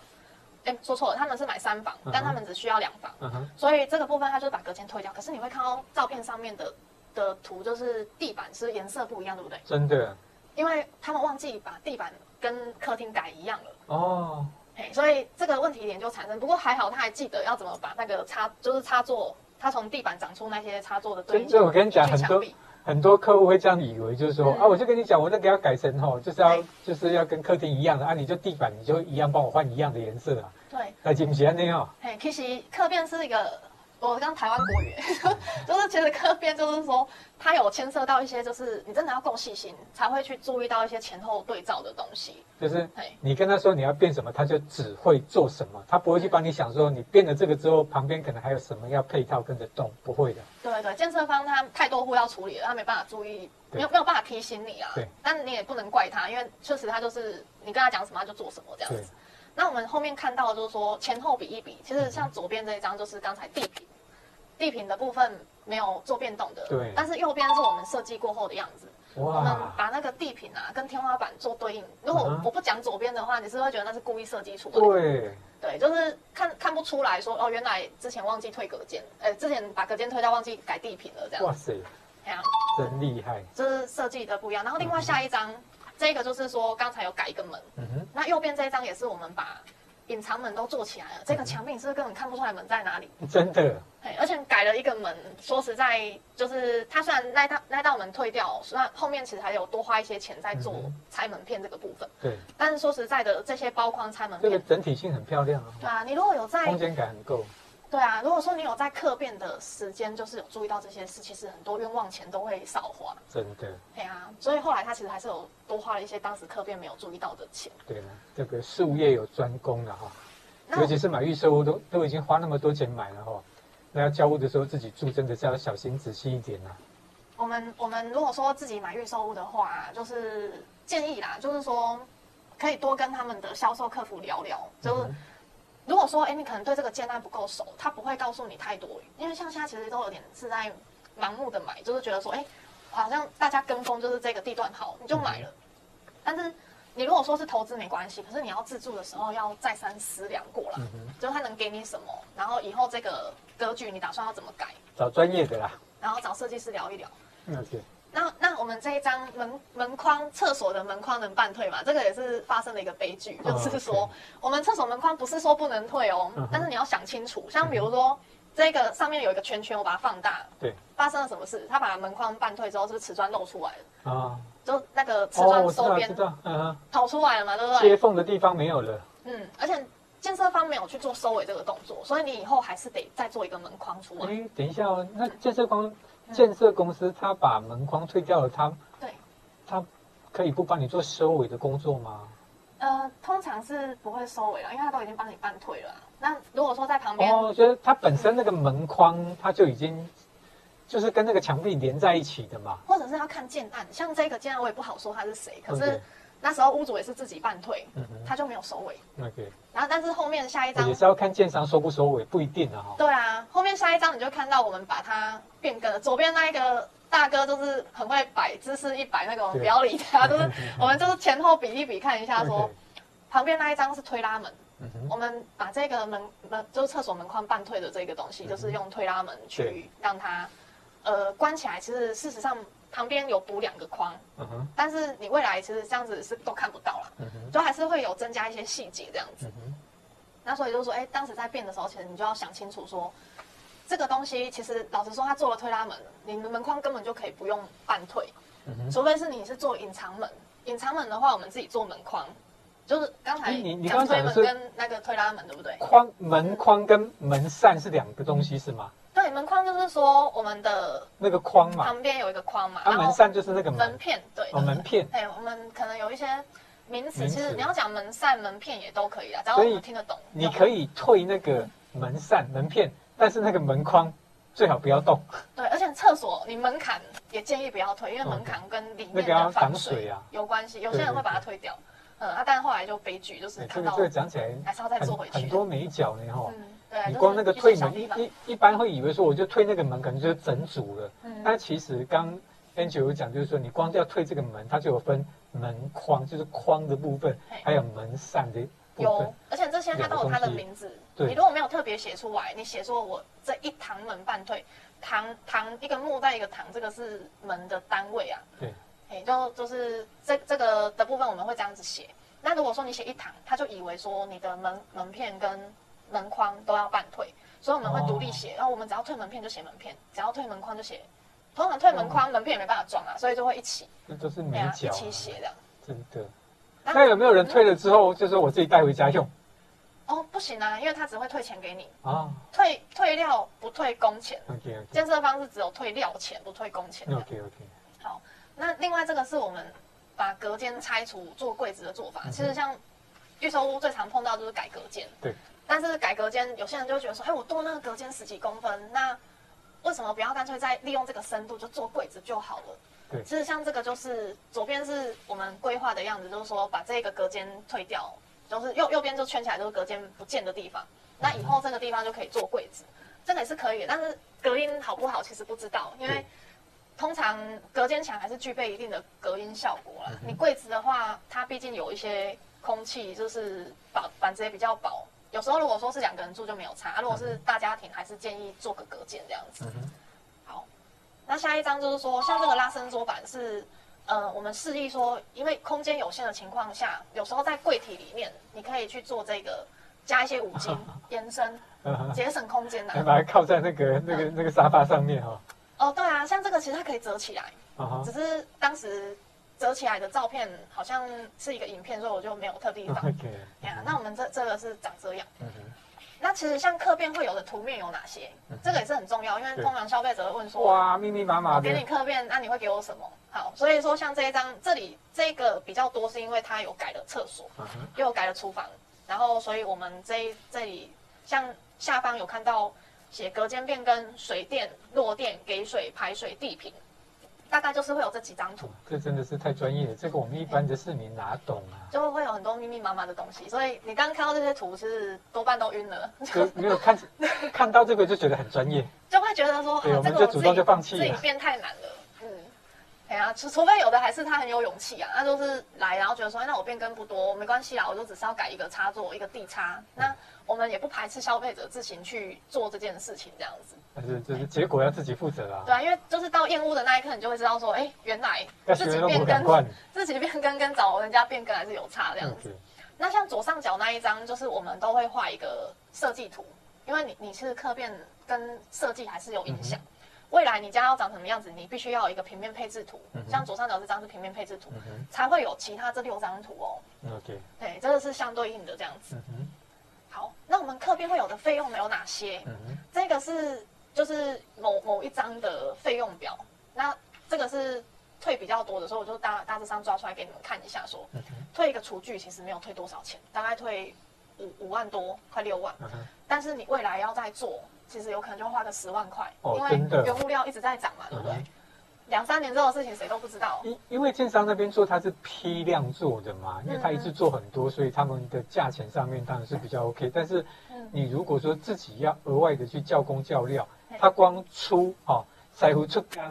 哎，說錯了，他們是買三房，嗯、哼但他們只需要兩房，嗯、哼所以這個部分他就是把隔間推掉。可是你會看到照片上面的的圖，就是地板是顏色不一樣，對不對？真的，因為他們忘記把地板跟客廳改一樣了哦。嘿，所以這個問題點就產生。不過還好，他還記得要怎麼把那個插，就是插座，他從地板長出那些插座的對應。所以我跟你講，很
多。很多客戶會這樣以為，就是說啊，嗯，我就跟你講，我那個要改成吼，就是要就是要跟客廳一樣的啊，你就地板你就一樣幫我換一樣的顏色啊，
對，
但是不是安尼哦？嘿，其實客變是一個。我剛台灣國語，就是其實客變就是說，他有牽涉到一些，就是你真的要夠細心，才會去注意到一些前後對照的東西。就是
你跟他說你要變什麼，他就只會做什麼，他不會去幫你想說，你變了這個之後，嗯、旁邊可能還有什麼要配套跟着動，不會的。
對對，建設方他太多戶要處理了，他沒辦法注意，沒有沒有辦法提醒你啊。對，但是你也不能怪他，因為確實他就是你跟他講什麼，他就做什麼這樣子。那我們後面看到就是說，前後比一比，其實像左邊這一張就是剛才地坪，地坪的部分沒有做變動的。對。但是右邊是我們設計過後的樣子。
哇我們把
那個地坪啊跟天花板做對應。如果我不講左邊的話，嗯、哼你是不是會覺得那是故意設計出來的？對。對，就是看看不出來說哦，原來之前忘記退隔間，哎、欸，之前把隔間推掉忘記改地坪了這樣。哇塞。這樣。
真厲害。就
是設計的不一樣。然後另外下一張。嗯這個就是說，剛才有改一個門，嗯、哼那右邊這一張也是我們把隱藏門都做起來了。嗯、哼這個牆壁是不是根本看不出來門在哪裡？真的對，而且改了一個門，說實在，就是它雖然那道那道門退掉、哦，那後面其實還有多花一些錢在做拆門片這個部分。嗯、對，但是說實在的，這些包框拆門片，這
個整體性很漂亮啊、哦。
對啊，你如果有在空間感很夠。對啊，如果說你有在客變的時間，就是有注意到這些事，其實很多冤枉錢都會少花。真的。對啊。所以後來他其實還是有多花了一些當時客變沒有注意到的錢。
對啊，這個術業有專攻的哈、哦，
那尤其是
買預售屋都都已經花那麼多錢買了哈、哦，那要交屋的時候自己住真的是要小心仔細一點吶、
啊。我們我們如果說自己買預售屋的話，就是建議啦，就是說可以多跟他們的銷售客服聊聊，就是、嗯。如果說，哎、欸，你可能對這個建案不夠熟，他不會告訴你太多，因為像現在其實都有點是在盲目的買，就是覺得說，哎、欸，好像大家跟風就是這個地段好，你就買了。但是你如果說是投資沒關係，可是你要自住的時候要再三思量過了，嗯、哼就是他能給你什麼，然後以後這個格局你打算要怎麼改？
找專業的啦，
然後找設計師聊一聊。Okay. 那那，我們這一張門門框廁所的門框能辦退嗎？這個也是發生了一個悲劇，oh, okay. 就是說我們廁所門框不是說不能退哦，uh huh. 但是你要想清楚，像比如說、uh huh. 這個上面有一個圈圈，我把它放大，對、uh，huh. 發生了什麼事？他把門框辦退之後，這個瓷磚露出來了啊，uh huh. 就那個瓷磚收
邊
跑、oh, 出來了嘛，對不對？接縫的地
方沒有了，
嗯，而且建設方沒有去做收尾這個動作，所以你以後還是得再做一個門框出來。哎、欸，
等一下哦，那建設方。嗯建設公司他把門框退掉了他，他、嗯，對，他可以不幫你做收尾的工作嗎？
呃，通常是不會收尾了，因為他都已經幫你辦退了、啊。那如果說在旁邊，我、哦、
就是、是、他本身那個門框，嗯、他就已經就是跟那個牆壁連在一起的嘛。
或者是要看建案。像這個建案，我也不好說他是誰，可是、嗯。那時候屋主也是自己半退，嗯嗯他就沒有收尾。
Okay.
然後，但是後面下一張也是
要看建商收不收尾，不一定
的哈。對啊，後面下一張你就看到我們把它變更了。左邊那一個大哥就是很會擺姿勢一擺，那種對不要理他，就是我們就是前後比一比看一下說，說 Okay. 旁邊那一張是推拉門，嗯、哼我們把這個門門就是、廁所門框半退的這個東西，嗯、哼就是用推拉門去讓它對呃關起來。其實事實上。旁邊有補兩個框，uh huh. 但是你未來其實這樣子是都看不到了，uh huh. 就還是會有增加一些細節這樣子。Uh huh. 那所以就是說，哎、欸，當時在變的時候，其實你就要想清楚說，說這個東西其實老實說，它做了推拉門，你的門框根本就可以不用半退，uh huh. 除非是你是做隱藏門。隱藏門的話，我們自己做門框，就剛、欸、剛剛是剛才你你剛才講推門跟那個推拉門對不對？框
門框跟門扇是兩個東西是嗎？嗯
門框就是說我們的
那個框嘛，旁
邊有一個框嘛。門扇就是那個門片，對，門片。哎，我們可能有一些名詞，其實你要講門扇、門片也都可以啊，只要我們聽得懂。你可以
退那個門扇、門片，但是那個門框最好不要動。
對，而且廁所你門檻也建議不要退，因為門檻跟裡面的防水啊有關係，有些人會把它推掉。嗯，啊，但是後來就悲劇，就是看到這個講起來，還是要再做回去，
很多美角呢，哈。你光那個退門一一,一般會以為說，我就退那個門，可能就是整組了。嗯。但其實剛 Angel 有講，就是說你光要退這個門，它就有分門框，就是框的部分，嘿還有門扇的部分。有，
而且這些它都有它的名字。
對。你如果沒有特別寫出來，你寫說我這一堂門半退，堂堂一個木帶一個堂，這個是門的單位啊。對。也就就是這這個的部分我們會這樣子寫。那如果說你寫一堂，他就以為說你的門門片跟。門框都要半退，所以我們會獨立寫。然後我們只要退門片就寫門片，只要退門框就寫。通常退門框門片也沒辦法裝啊，所以就會一起。
都是你一起寫的。真的？那有沒有人退了之後就是我自己帶回家用？
哦，不行啊，因為他只會退錢給你啊，退退料不退工錢。建設方是只有退料錢不退工錢。
OK
OK。好，那另外這個是我們把隔間拆除做櫃子的做法。其實像預售屋最常碰到就是改隔間。對。但是，改隔間，有些人就會覺得說：“哎，我做那個隔間十幾公分，那為什麼不要乾脆再利用這個深度就做櫃子就好了？”對。其實像這個就是左邊是我們規劃的樣子，就是說把這個隔間退掉，就是右右邊就圈起來，就是隔間不見的地方。嗯、哼那以後這個地方就可以做櫃子，這個也是可以的。但是隔音好不好，其實不知道，因為通常隔間牆還是具備一定的隔音效果啦。嗯、哼你櫃子的話，它畢竟有一些空氣，就是板板子也比較薄。有時候如果說是兩個人住就沒有差，如果是大家庭還是建議做個隔間這樣子。嗯、哼好，那下一張就是說像這個拉伸桌板是，呃，我們示意說，因為空間有限的情況下，有時候在櫃體裡面你可以去做這個加一些五金、哦、呵呵延伸，節省空間來、啊哎、把它靠
在那個那個、嗯、那個沙發上面哈、
哦。哦，對啊，像這個其實它可以折起來，哦、哈只是當時。折起來的照片好像是一個影片，所以我就沒有特地放。那我們這這個是長這樣。Uh、huh, 那其實像客變會有的圖面有哪些？Uh、huh, 這個也是很重要，因為通常消費者會問說：哇，密密麻麻，我給你客變，那你會給我什麼？好，所以說像這一張，這裡這個比較多，是因為它有改了廁所，uh、huh, 又有改了廚房，然後所以我們這一這裡像下方有看到寫隔間變更、水電弱電、給水排水地坪。大概就是會有這幾張圖，
這真的是太專業了，這個我們一般的市民哪懂啊？
就會有很多密密麻麻的東西，所以你剛剛看到這些圖，是多半都暈了。可沒有
看 *laughs* 看到這個就覺得很專業，
就會覺得說，我們就主動就放棄了，自己變太難了。哎呀，除、啊、除非有的還是他很有勇氣啊，他就是來，然後覺得說，哎、欸，那我變更不多，沒關係啦，我就只是要改一個插座，一個地插。那我們也不排斥消費者自行去做這件事情，這樣子。
但是，就是結果要自己負責啊，對。對
啊，因為就是到驗屋的那一刻，你就會知道說，哎、欸，原來自己變更，自己變更跟找人家變更還是有差這樣子。Okay. 那像左上角那一張，就是我們都會畫一個設計圖，因為你你其實客變跟設計還是有影響。嗯未來你家要長什麼樣子？你必須要有一個平面配置圖，嗯、哼像左上角這張是平面配置圖，嗯、哼才會有其他這六張圖哦。
Okay.
對，對，這個是相對應的這樣子。嗯、哼好，那我們客變會有的費用有哪些？嗯、哼這個是就是某某一張的費用表。那這個是退比較多的時候，所以我就大大致上抓出來給你們看一下說，說、嗯、哼退一個廚具其實沒有退多少錢，大概退五五萬多，快六萬。嗯、哼但是你未來要再做。其實有可能就花個十萬塊，哦、真的，因為原物料一直在漲嘛，對不、嗯、哼對？兩三年之後的事情誰都不知道、哦。
因因為建商那邊做它是批量做的嘛，嗯、因為他一次做很多，所以他們的價錢上面當然是比較 OK、嗯。但是你如果說自己要額外的去叫工叫料，它、嗯、光出哈，塞、哦、胡出鋼、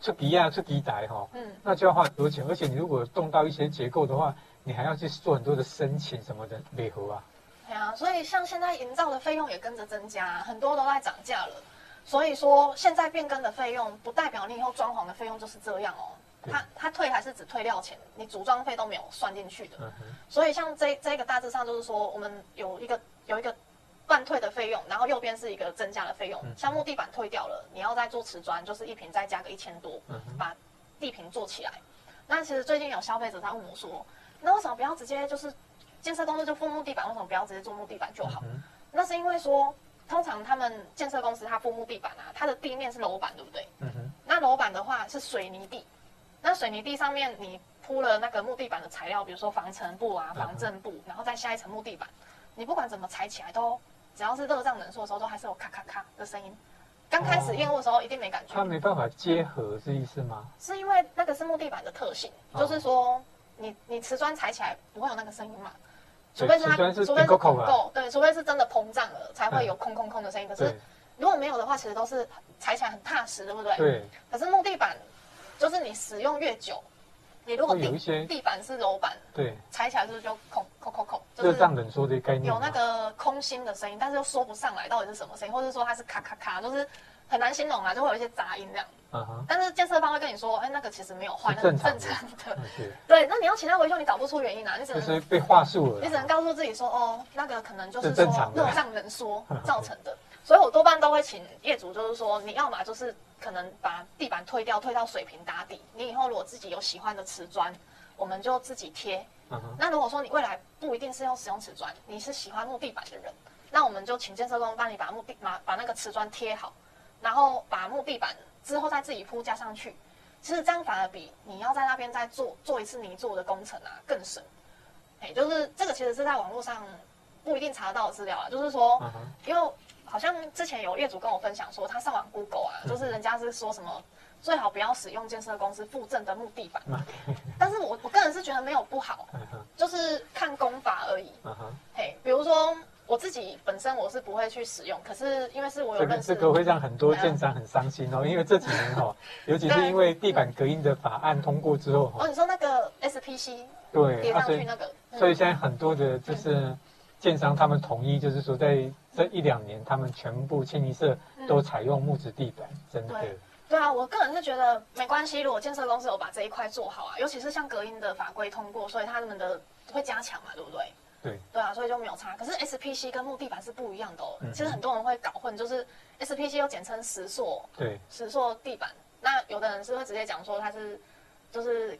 出皮啊、出皮帶哈，哦、嗯，那就要花很多錢。而且你如果動到一些結構的話，你還要去做很多的申請什麼的美合啊。
對啊，所以像現在營造的費用也跟着增加，很多都在漲價了。所以說現在變更的費用，不代表你以後裝潢的費用就是這樣哦。它它對退還是只退料錢，你組裝費都沒有算進去的。嗯、哼所以像這這個大致上就是說，我們有一個有一個半退的費用，然後右邊是一個增加的費用。像木、嗯、哼地板退掉了，你要再做瓷磚，就是一坪再加個一千多，嗯、哼把地坪做起來。那其實最近有消費者在問我說，那為什麼不要直接就是？建設公司就鋪木地板，為什麼不要直接做木地板就好？嗯、哼那是因為說，通常他們建設公司它鋪木地板啊，它的地面是樓板，對不對？嗯、哼那樓板的話是水泥地，那水泥地上面你鋪了那個木地板的材料，比如說防塵布啊、防震布，嗯、哼然後再下一層木地板，你不管怎麼踩起來都，只要是熱脹冷縮的時候都還是有咔咔咔的聲音。剛開始驗屋的時候一定沒感覺。它、哦、沒辦法
結合，是意思嗎？
是因為那個是木地板的特性，哦、就是說你你瓷磚踩起來不會有那個聲音嘛？
除非是它，除非是夠，
對，除非是真的膨脹了才會有空空空的聲音。可是如果沒有的話，其實都是踩起來很踏實，對不對？對。可是木地板就是你使用越久，你如果頂一些地板是樓板，對，踩起來是不是就空空
空空？就是有那
個空心的聲音，嗯、但是又說不上來到底是什麼聲音，或者說它是咔咔咔，就是。很難形容啊，就會有一些雜音這樣。Uh huh. 但是建設方會跟你說，哎、欸，那個其實沒有壞，那很正常的。Okay. 對。那你要請他維修，你找不出原因啊，你只能是被話術了。你只能告訴自己說，哦，那個可能就是說，熱脹冷縮造成的。的啊、 *laughs* 所以，我多半都會請業主，就是說，你要嘛，就是可能把地板退掉，退到水平打底。你以後如果自己有喜歡的瓷磚，我們就自己貼。Uh huh. 那如果說你未來不一定是要使用瓷磚，你是喜歡木地板的人，那我們就請建設工幫你把木地嘛，把那個瓷磚貼好。然後把木地板之後再自己鋪加上去，其實這樣反而比你要在那邊再做做一次泥作的工程啊更省。哎，就是這個其實是在網絡上不一定查得到的資料啊，就是說，uh huh. 因為好像之前有業主跟我分享說，他上網 Google 啊，嗯、就是人家是說什麼最好不要使用建設公司附贈的木地板， *laughs* 但是我我個人是覺得沒有不好，uh huh. 就是看工法而已。嗯、uh huh. 比如說。我自己本身我是不會去使用，可是因為是我有認識，這個會、這個、讓很多建商
很傷心哦，有因為這幾年哈、哦， *laughs* 尤其是因為地板隔音的法案通過之後、嗯、哦，哦，你
說那個 SPC 對疊
上去那
個，所以現在
很多的就是建商他們統一、嗯、就是說，在這一兩年他們全部清一色都採用木質地板，嗯、真的對，
對啊，我個
人是覺得沒關係，如果建設公司有把這一塊做好，啊，尤其是像隔音的法規通過，所以他們的會加強嘛，對不對？對，對啊，所以就沒有差。可是 S P C 跟木地板是不一樣的哦。嗯嗯。其實很多人會搞混，就是 S P C 又簡稱石塑，對，石塑地板。那有的人是會直接講說它是，就是，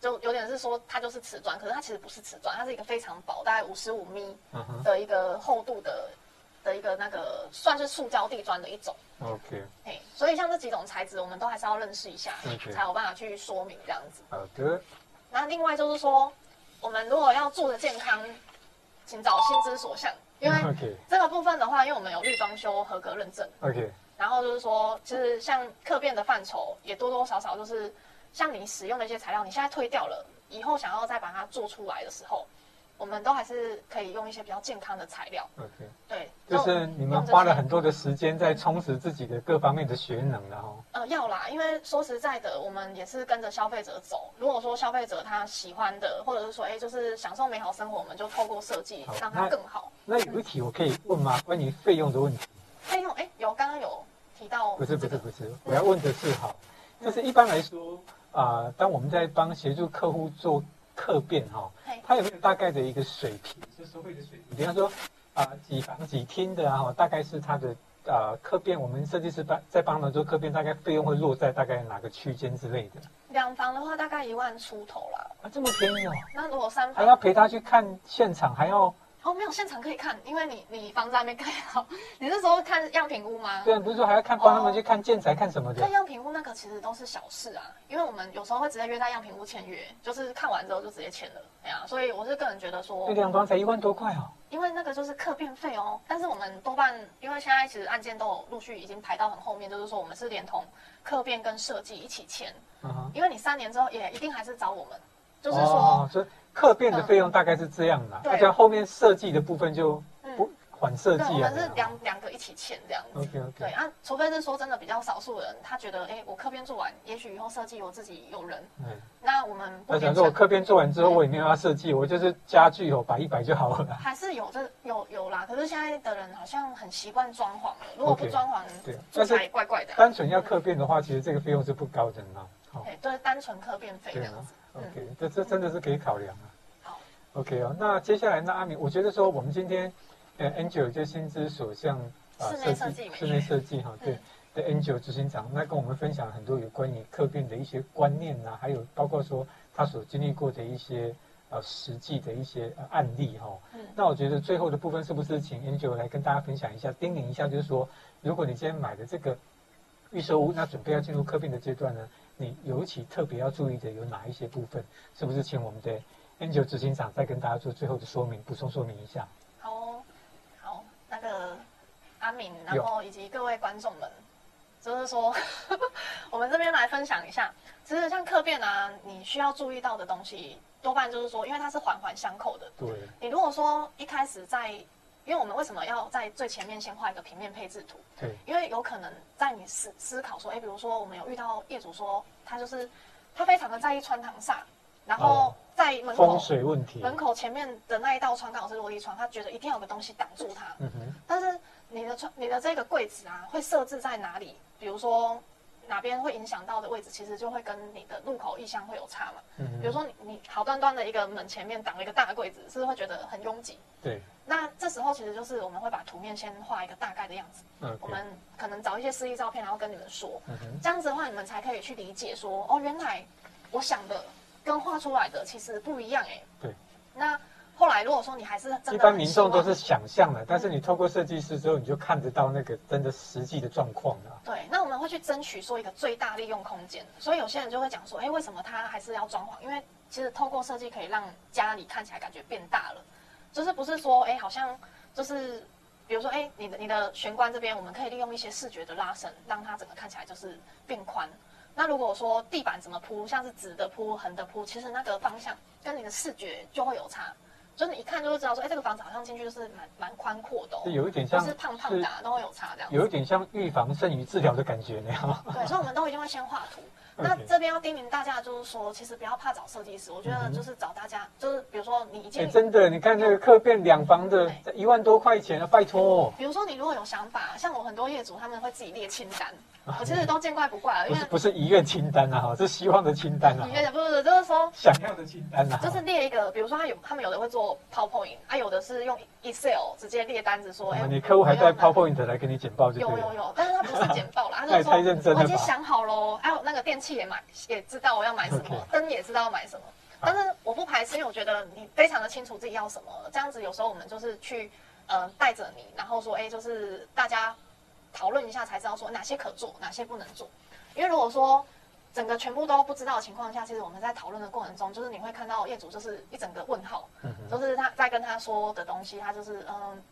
就有點是說它就是瓷磚，可是它其實不是瓷磚，它是一個非常薄，大概五十五米的一個厚度的的一個那個算是塑膠地磚的一種。OK。所以像這幾種材質，我們都還是要認識一下，OK。才有辦法去說明這樣子。
好
的。那另外就是說。我們如果要住的健康，請找心之所向，因為這個部分的話，Okay. 因為我們有預裝修合格認證。Okay. 然後就是說，其實像客變的範疇也多多少少，就是像你使用的一些材料，你現在退掉了，以後想要再把它做出來的時候。我們都還是可以用一些比較健康的材料。OK，對，然後 就是你們花了很
多的時間在充實自己的各方面的學能了哈、嗯嗯。
呃，要啦，因為說實在的，我們也是跟着消費者走。如果說消費者他喜歡的，或者是說哎，就是享受美好生活，我們就透過設計讓它更好。
好，那有一題我可以問嗎？關於費用的問題。費用
哎、欸，有剛剛有提到。不是不是
不是，嗯、我要問的是好，就是一般來說啊、呃，當我們在幫協助客戶做。客變哈，它有沒有大概的一個水平，就收費的水平？比方說，啊、呃，幾房幾廳的啊，大概是它的啊客變，我們設計師幫在幫忙做客變，大概費用會落在大概哪個區間之類的？
兩房的話，大概一萬出頭了。啊，這麼便宜哦！那如果三房還要陪他去
看現場，還要？
哦，沒有現場可以看，因為你你房子還沒蓋好。你是說看樣品屋嗎？對，
你不是說還要看幫他們去看建材看什麼的。哦、看
樣品屋那個其實都是小事啊，因為我們有時候會直接約在樣品屋簽約，就是看完之後就直接簽了，對啊，所以我是個人覺得說，這兩房子才一萬多塊哦，因為那個就是客變費哦。但是我們多半因為現在其實案件都陸續已經排到很後面，就是說我們是連同客變跟設計一起簽，嗯哼，因為你三年之後也一定還是找我們，哦哦哦就
是說。客變的費用大概是這樣的，而且後面設計的部分就不管設計了，還是
兩兩個一起簽這樣子。對，啊，除非是說真的比較少數人，他覺得，哎，我客變做完，也許以後設計我自己有人。那我們。他想說我
客變做完之後，我也沒有要設計，我就是家具喔，擺一擺就好
了。還是有這有有啦，可是現在的人好像很習慣裝潢了，如果不裝潢，對，就是還怪怪的。單純
要客變的話，其實這個費用是不高的，好，
對，就是單純客變費用。
OK，這、嗯、這真的是可以考量啊。好、嗯、，OK 哦，那接下來呢，嗯、阿明，我覺得說我們今天，呃，Angel 就心之所向啊，
呃、室內設計，設計室內
設計哈、哦，對，嗯、的 Angel 執行長，那跟我們分享很多有關於客變的一些觀念吶、啊，還有包括說他所經歷過的一些呃實際的一些案例哈、哦。嗯、那我覺得最後的部分是不是請 Angel 來跟大家分享一下，叮嚀一下，就是說如果你今天買的這個預售屋，那準備要進入客變的階段呢？你尤其特別要注意的有哪一些部分？是不是請我們的 Angel 執行長再跟大家做最後的說明，補充說明一下？
好、哦，好，那個
阿明，然後以及各位觀眾們，用就是說，呵呵我們這邊來分享一下，其實像客變啊，你需要注意到的東西，多半就是說，因為它是環環相扣的。對，你如果說一開始在。因為我們為什麼要在最前面先畫一個平面配置圖？對，欸、因為有可能在你思思考說，哎、欸，比如說我們有遇到業主說，他就是他非常的在意穿堂煞，然後在門口風水問題門口前面的那一道窗剛好是落地窗，他覺得一定要有個東西擋住他。嗯哼。但是你的窗，你的這個櫃子啊，會設置在哪裡？比如說哪邊會影響到的位置，其實就會跟你的入口意向會有差嘛。嗯哼。比如說你,你好端端的一個門前面擋了一個大櫃子，是不是會覺得很擁擠？對那這時候其實就是我們會把圖面先畫一個大概的樣子，嗯，我們可能找一些示意照片，然後跟你們說，這樣子的話你們才可以去理解說，哦，原來我想的跟畫出來的其實不一樣哎、欸。對。那後來如果說你還是真的，一般民眾都是想
象的，但是你透過設計師之後，你就看得到那個真的實際的狀況了。
對，那我們會去爭取說一個最大利用空間，所以有些人就會講說，哎、欸，為什麼他還是要裝潢？因為其實透過設計可以讓家裡看起來感覺變大了。就是不是說，哎、欸，好像就是，比如說，哎、欸，你的你的玄關這邊，我們可以利用一些視覺的拉伸，讓它整個看起來就是變寬。那如果說地板怎麼鋪，像是直的鋪、橫的鋪，其實那個方向跟你的視覺就會有差，就是你一看就會知道說，哎、欸，這個房子好像進去就是蠻蠻寬闊的，哦，是有一點像，就是胖胖的，都會有差這樣。有一點
像預防勝於治療的感覺那樣。 *laughs*
對，所以我們都一定會先畫圖。Okay. 那這邊要叮嚀大家，就是說，其實不要怕找設計師，我覺得就是找大家，就是比如說你一件、欸、真
的，你看那個客變兩房的一萬多塊錢、啊、拜托、哦。
比如說你如果有想法，像我很多業主他們會自己列清單，我其實都見怪不怪了。因為不是
不是遺願清單啊，是希望的清單啊。不
是不是，就是，就是說想
要的清單啊，就是
列一個，比如說他有他們有的會做 PowerPoint，啊，有的是用 Excel 直接列單子說。哎、啊，你客戶還帶
PowerPoint 來給你簡報就對了。有有
有，但是他不是簡報啦，他是說 *laughs* 太認真了，我已經想好。電器也買，也知道我要買什麼，燈 Okay. 也知道要買什麼，但是我不排斥，因為我覺得你非常的清楚自己要什麼。這樣子有時候我們就是去，呃，帶着你，然後說，哎、欸，就是大家討論一下才知道說哪些可做，哪些不能做。因為如果說整個全部都不知道的情況下，其實我們在討論的過程中，就是你會看到業主就是一整個問號，就是他在跟他說的東西，他就是嗯，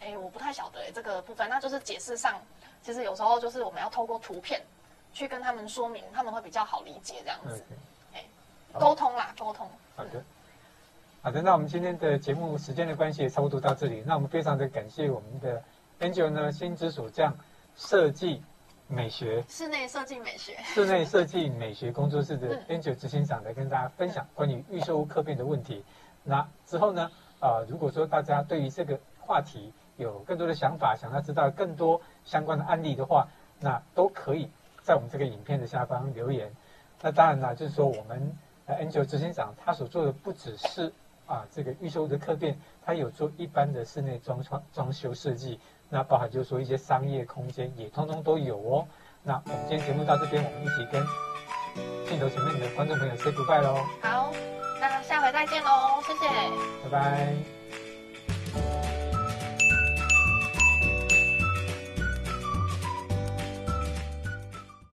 哎、欸，我不太曉得、欸、這個部分，那就是解釋上，其實有時候就是我們要透過圖片。去跟他們說明，他們會比較好理解這樣子，哎，溝
通啦，溝通。好的，嗯、好的。那我們今天的節目時間的關係，也差不多到這裡。那我們非常的感謝我們的 Angel 呢，心之所向設計美學，
室內設計美學，室
內設計美學工作室的 Angel 執、 *laughs* 嗯、行長來跟大家分享關於預售客變的問題。那之後呢，啊、呃，如果說大家對於這個話題有更多的想法，想要知道更多相關的案例的話，那都可以。在我們這個影片的下方留言。那當然呢，就是說我們 Angel 執行長他所做的不只是啊，這個預售的客變，他有做一般的室內裝潢裝修設計，那包含就是說一些商業空間也通通都有哦。那我們今天節目到這邊，我們一起跟鏡頭前面的觀眾朋友 say goodbye 嘍。
好，那下回再見嘍，
謝謝，
拜拜。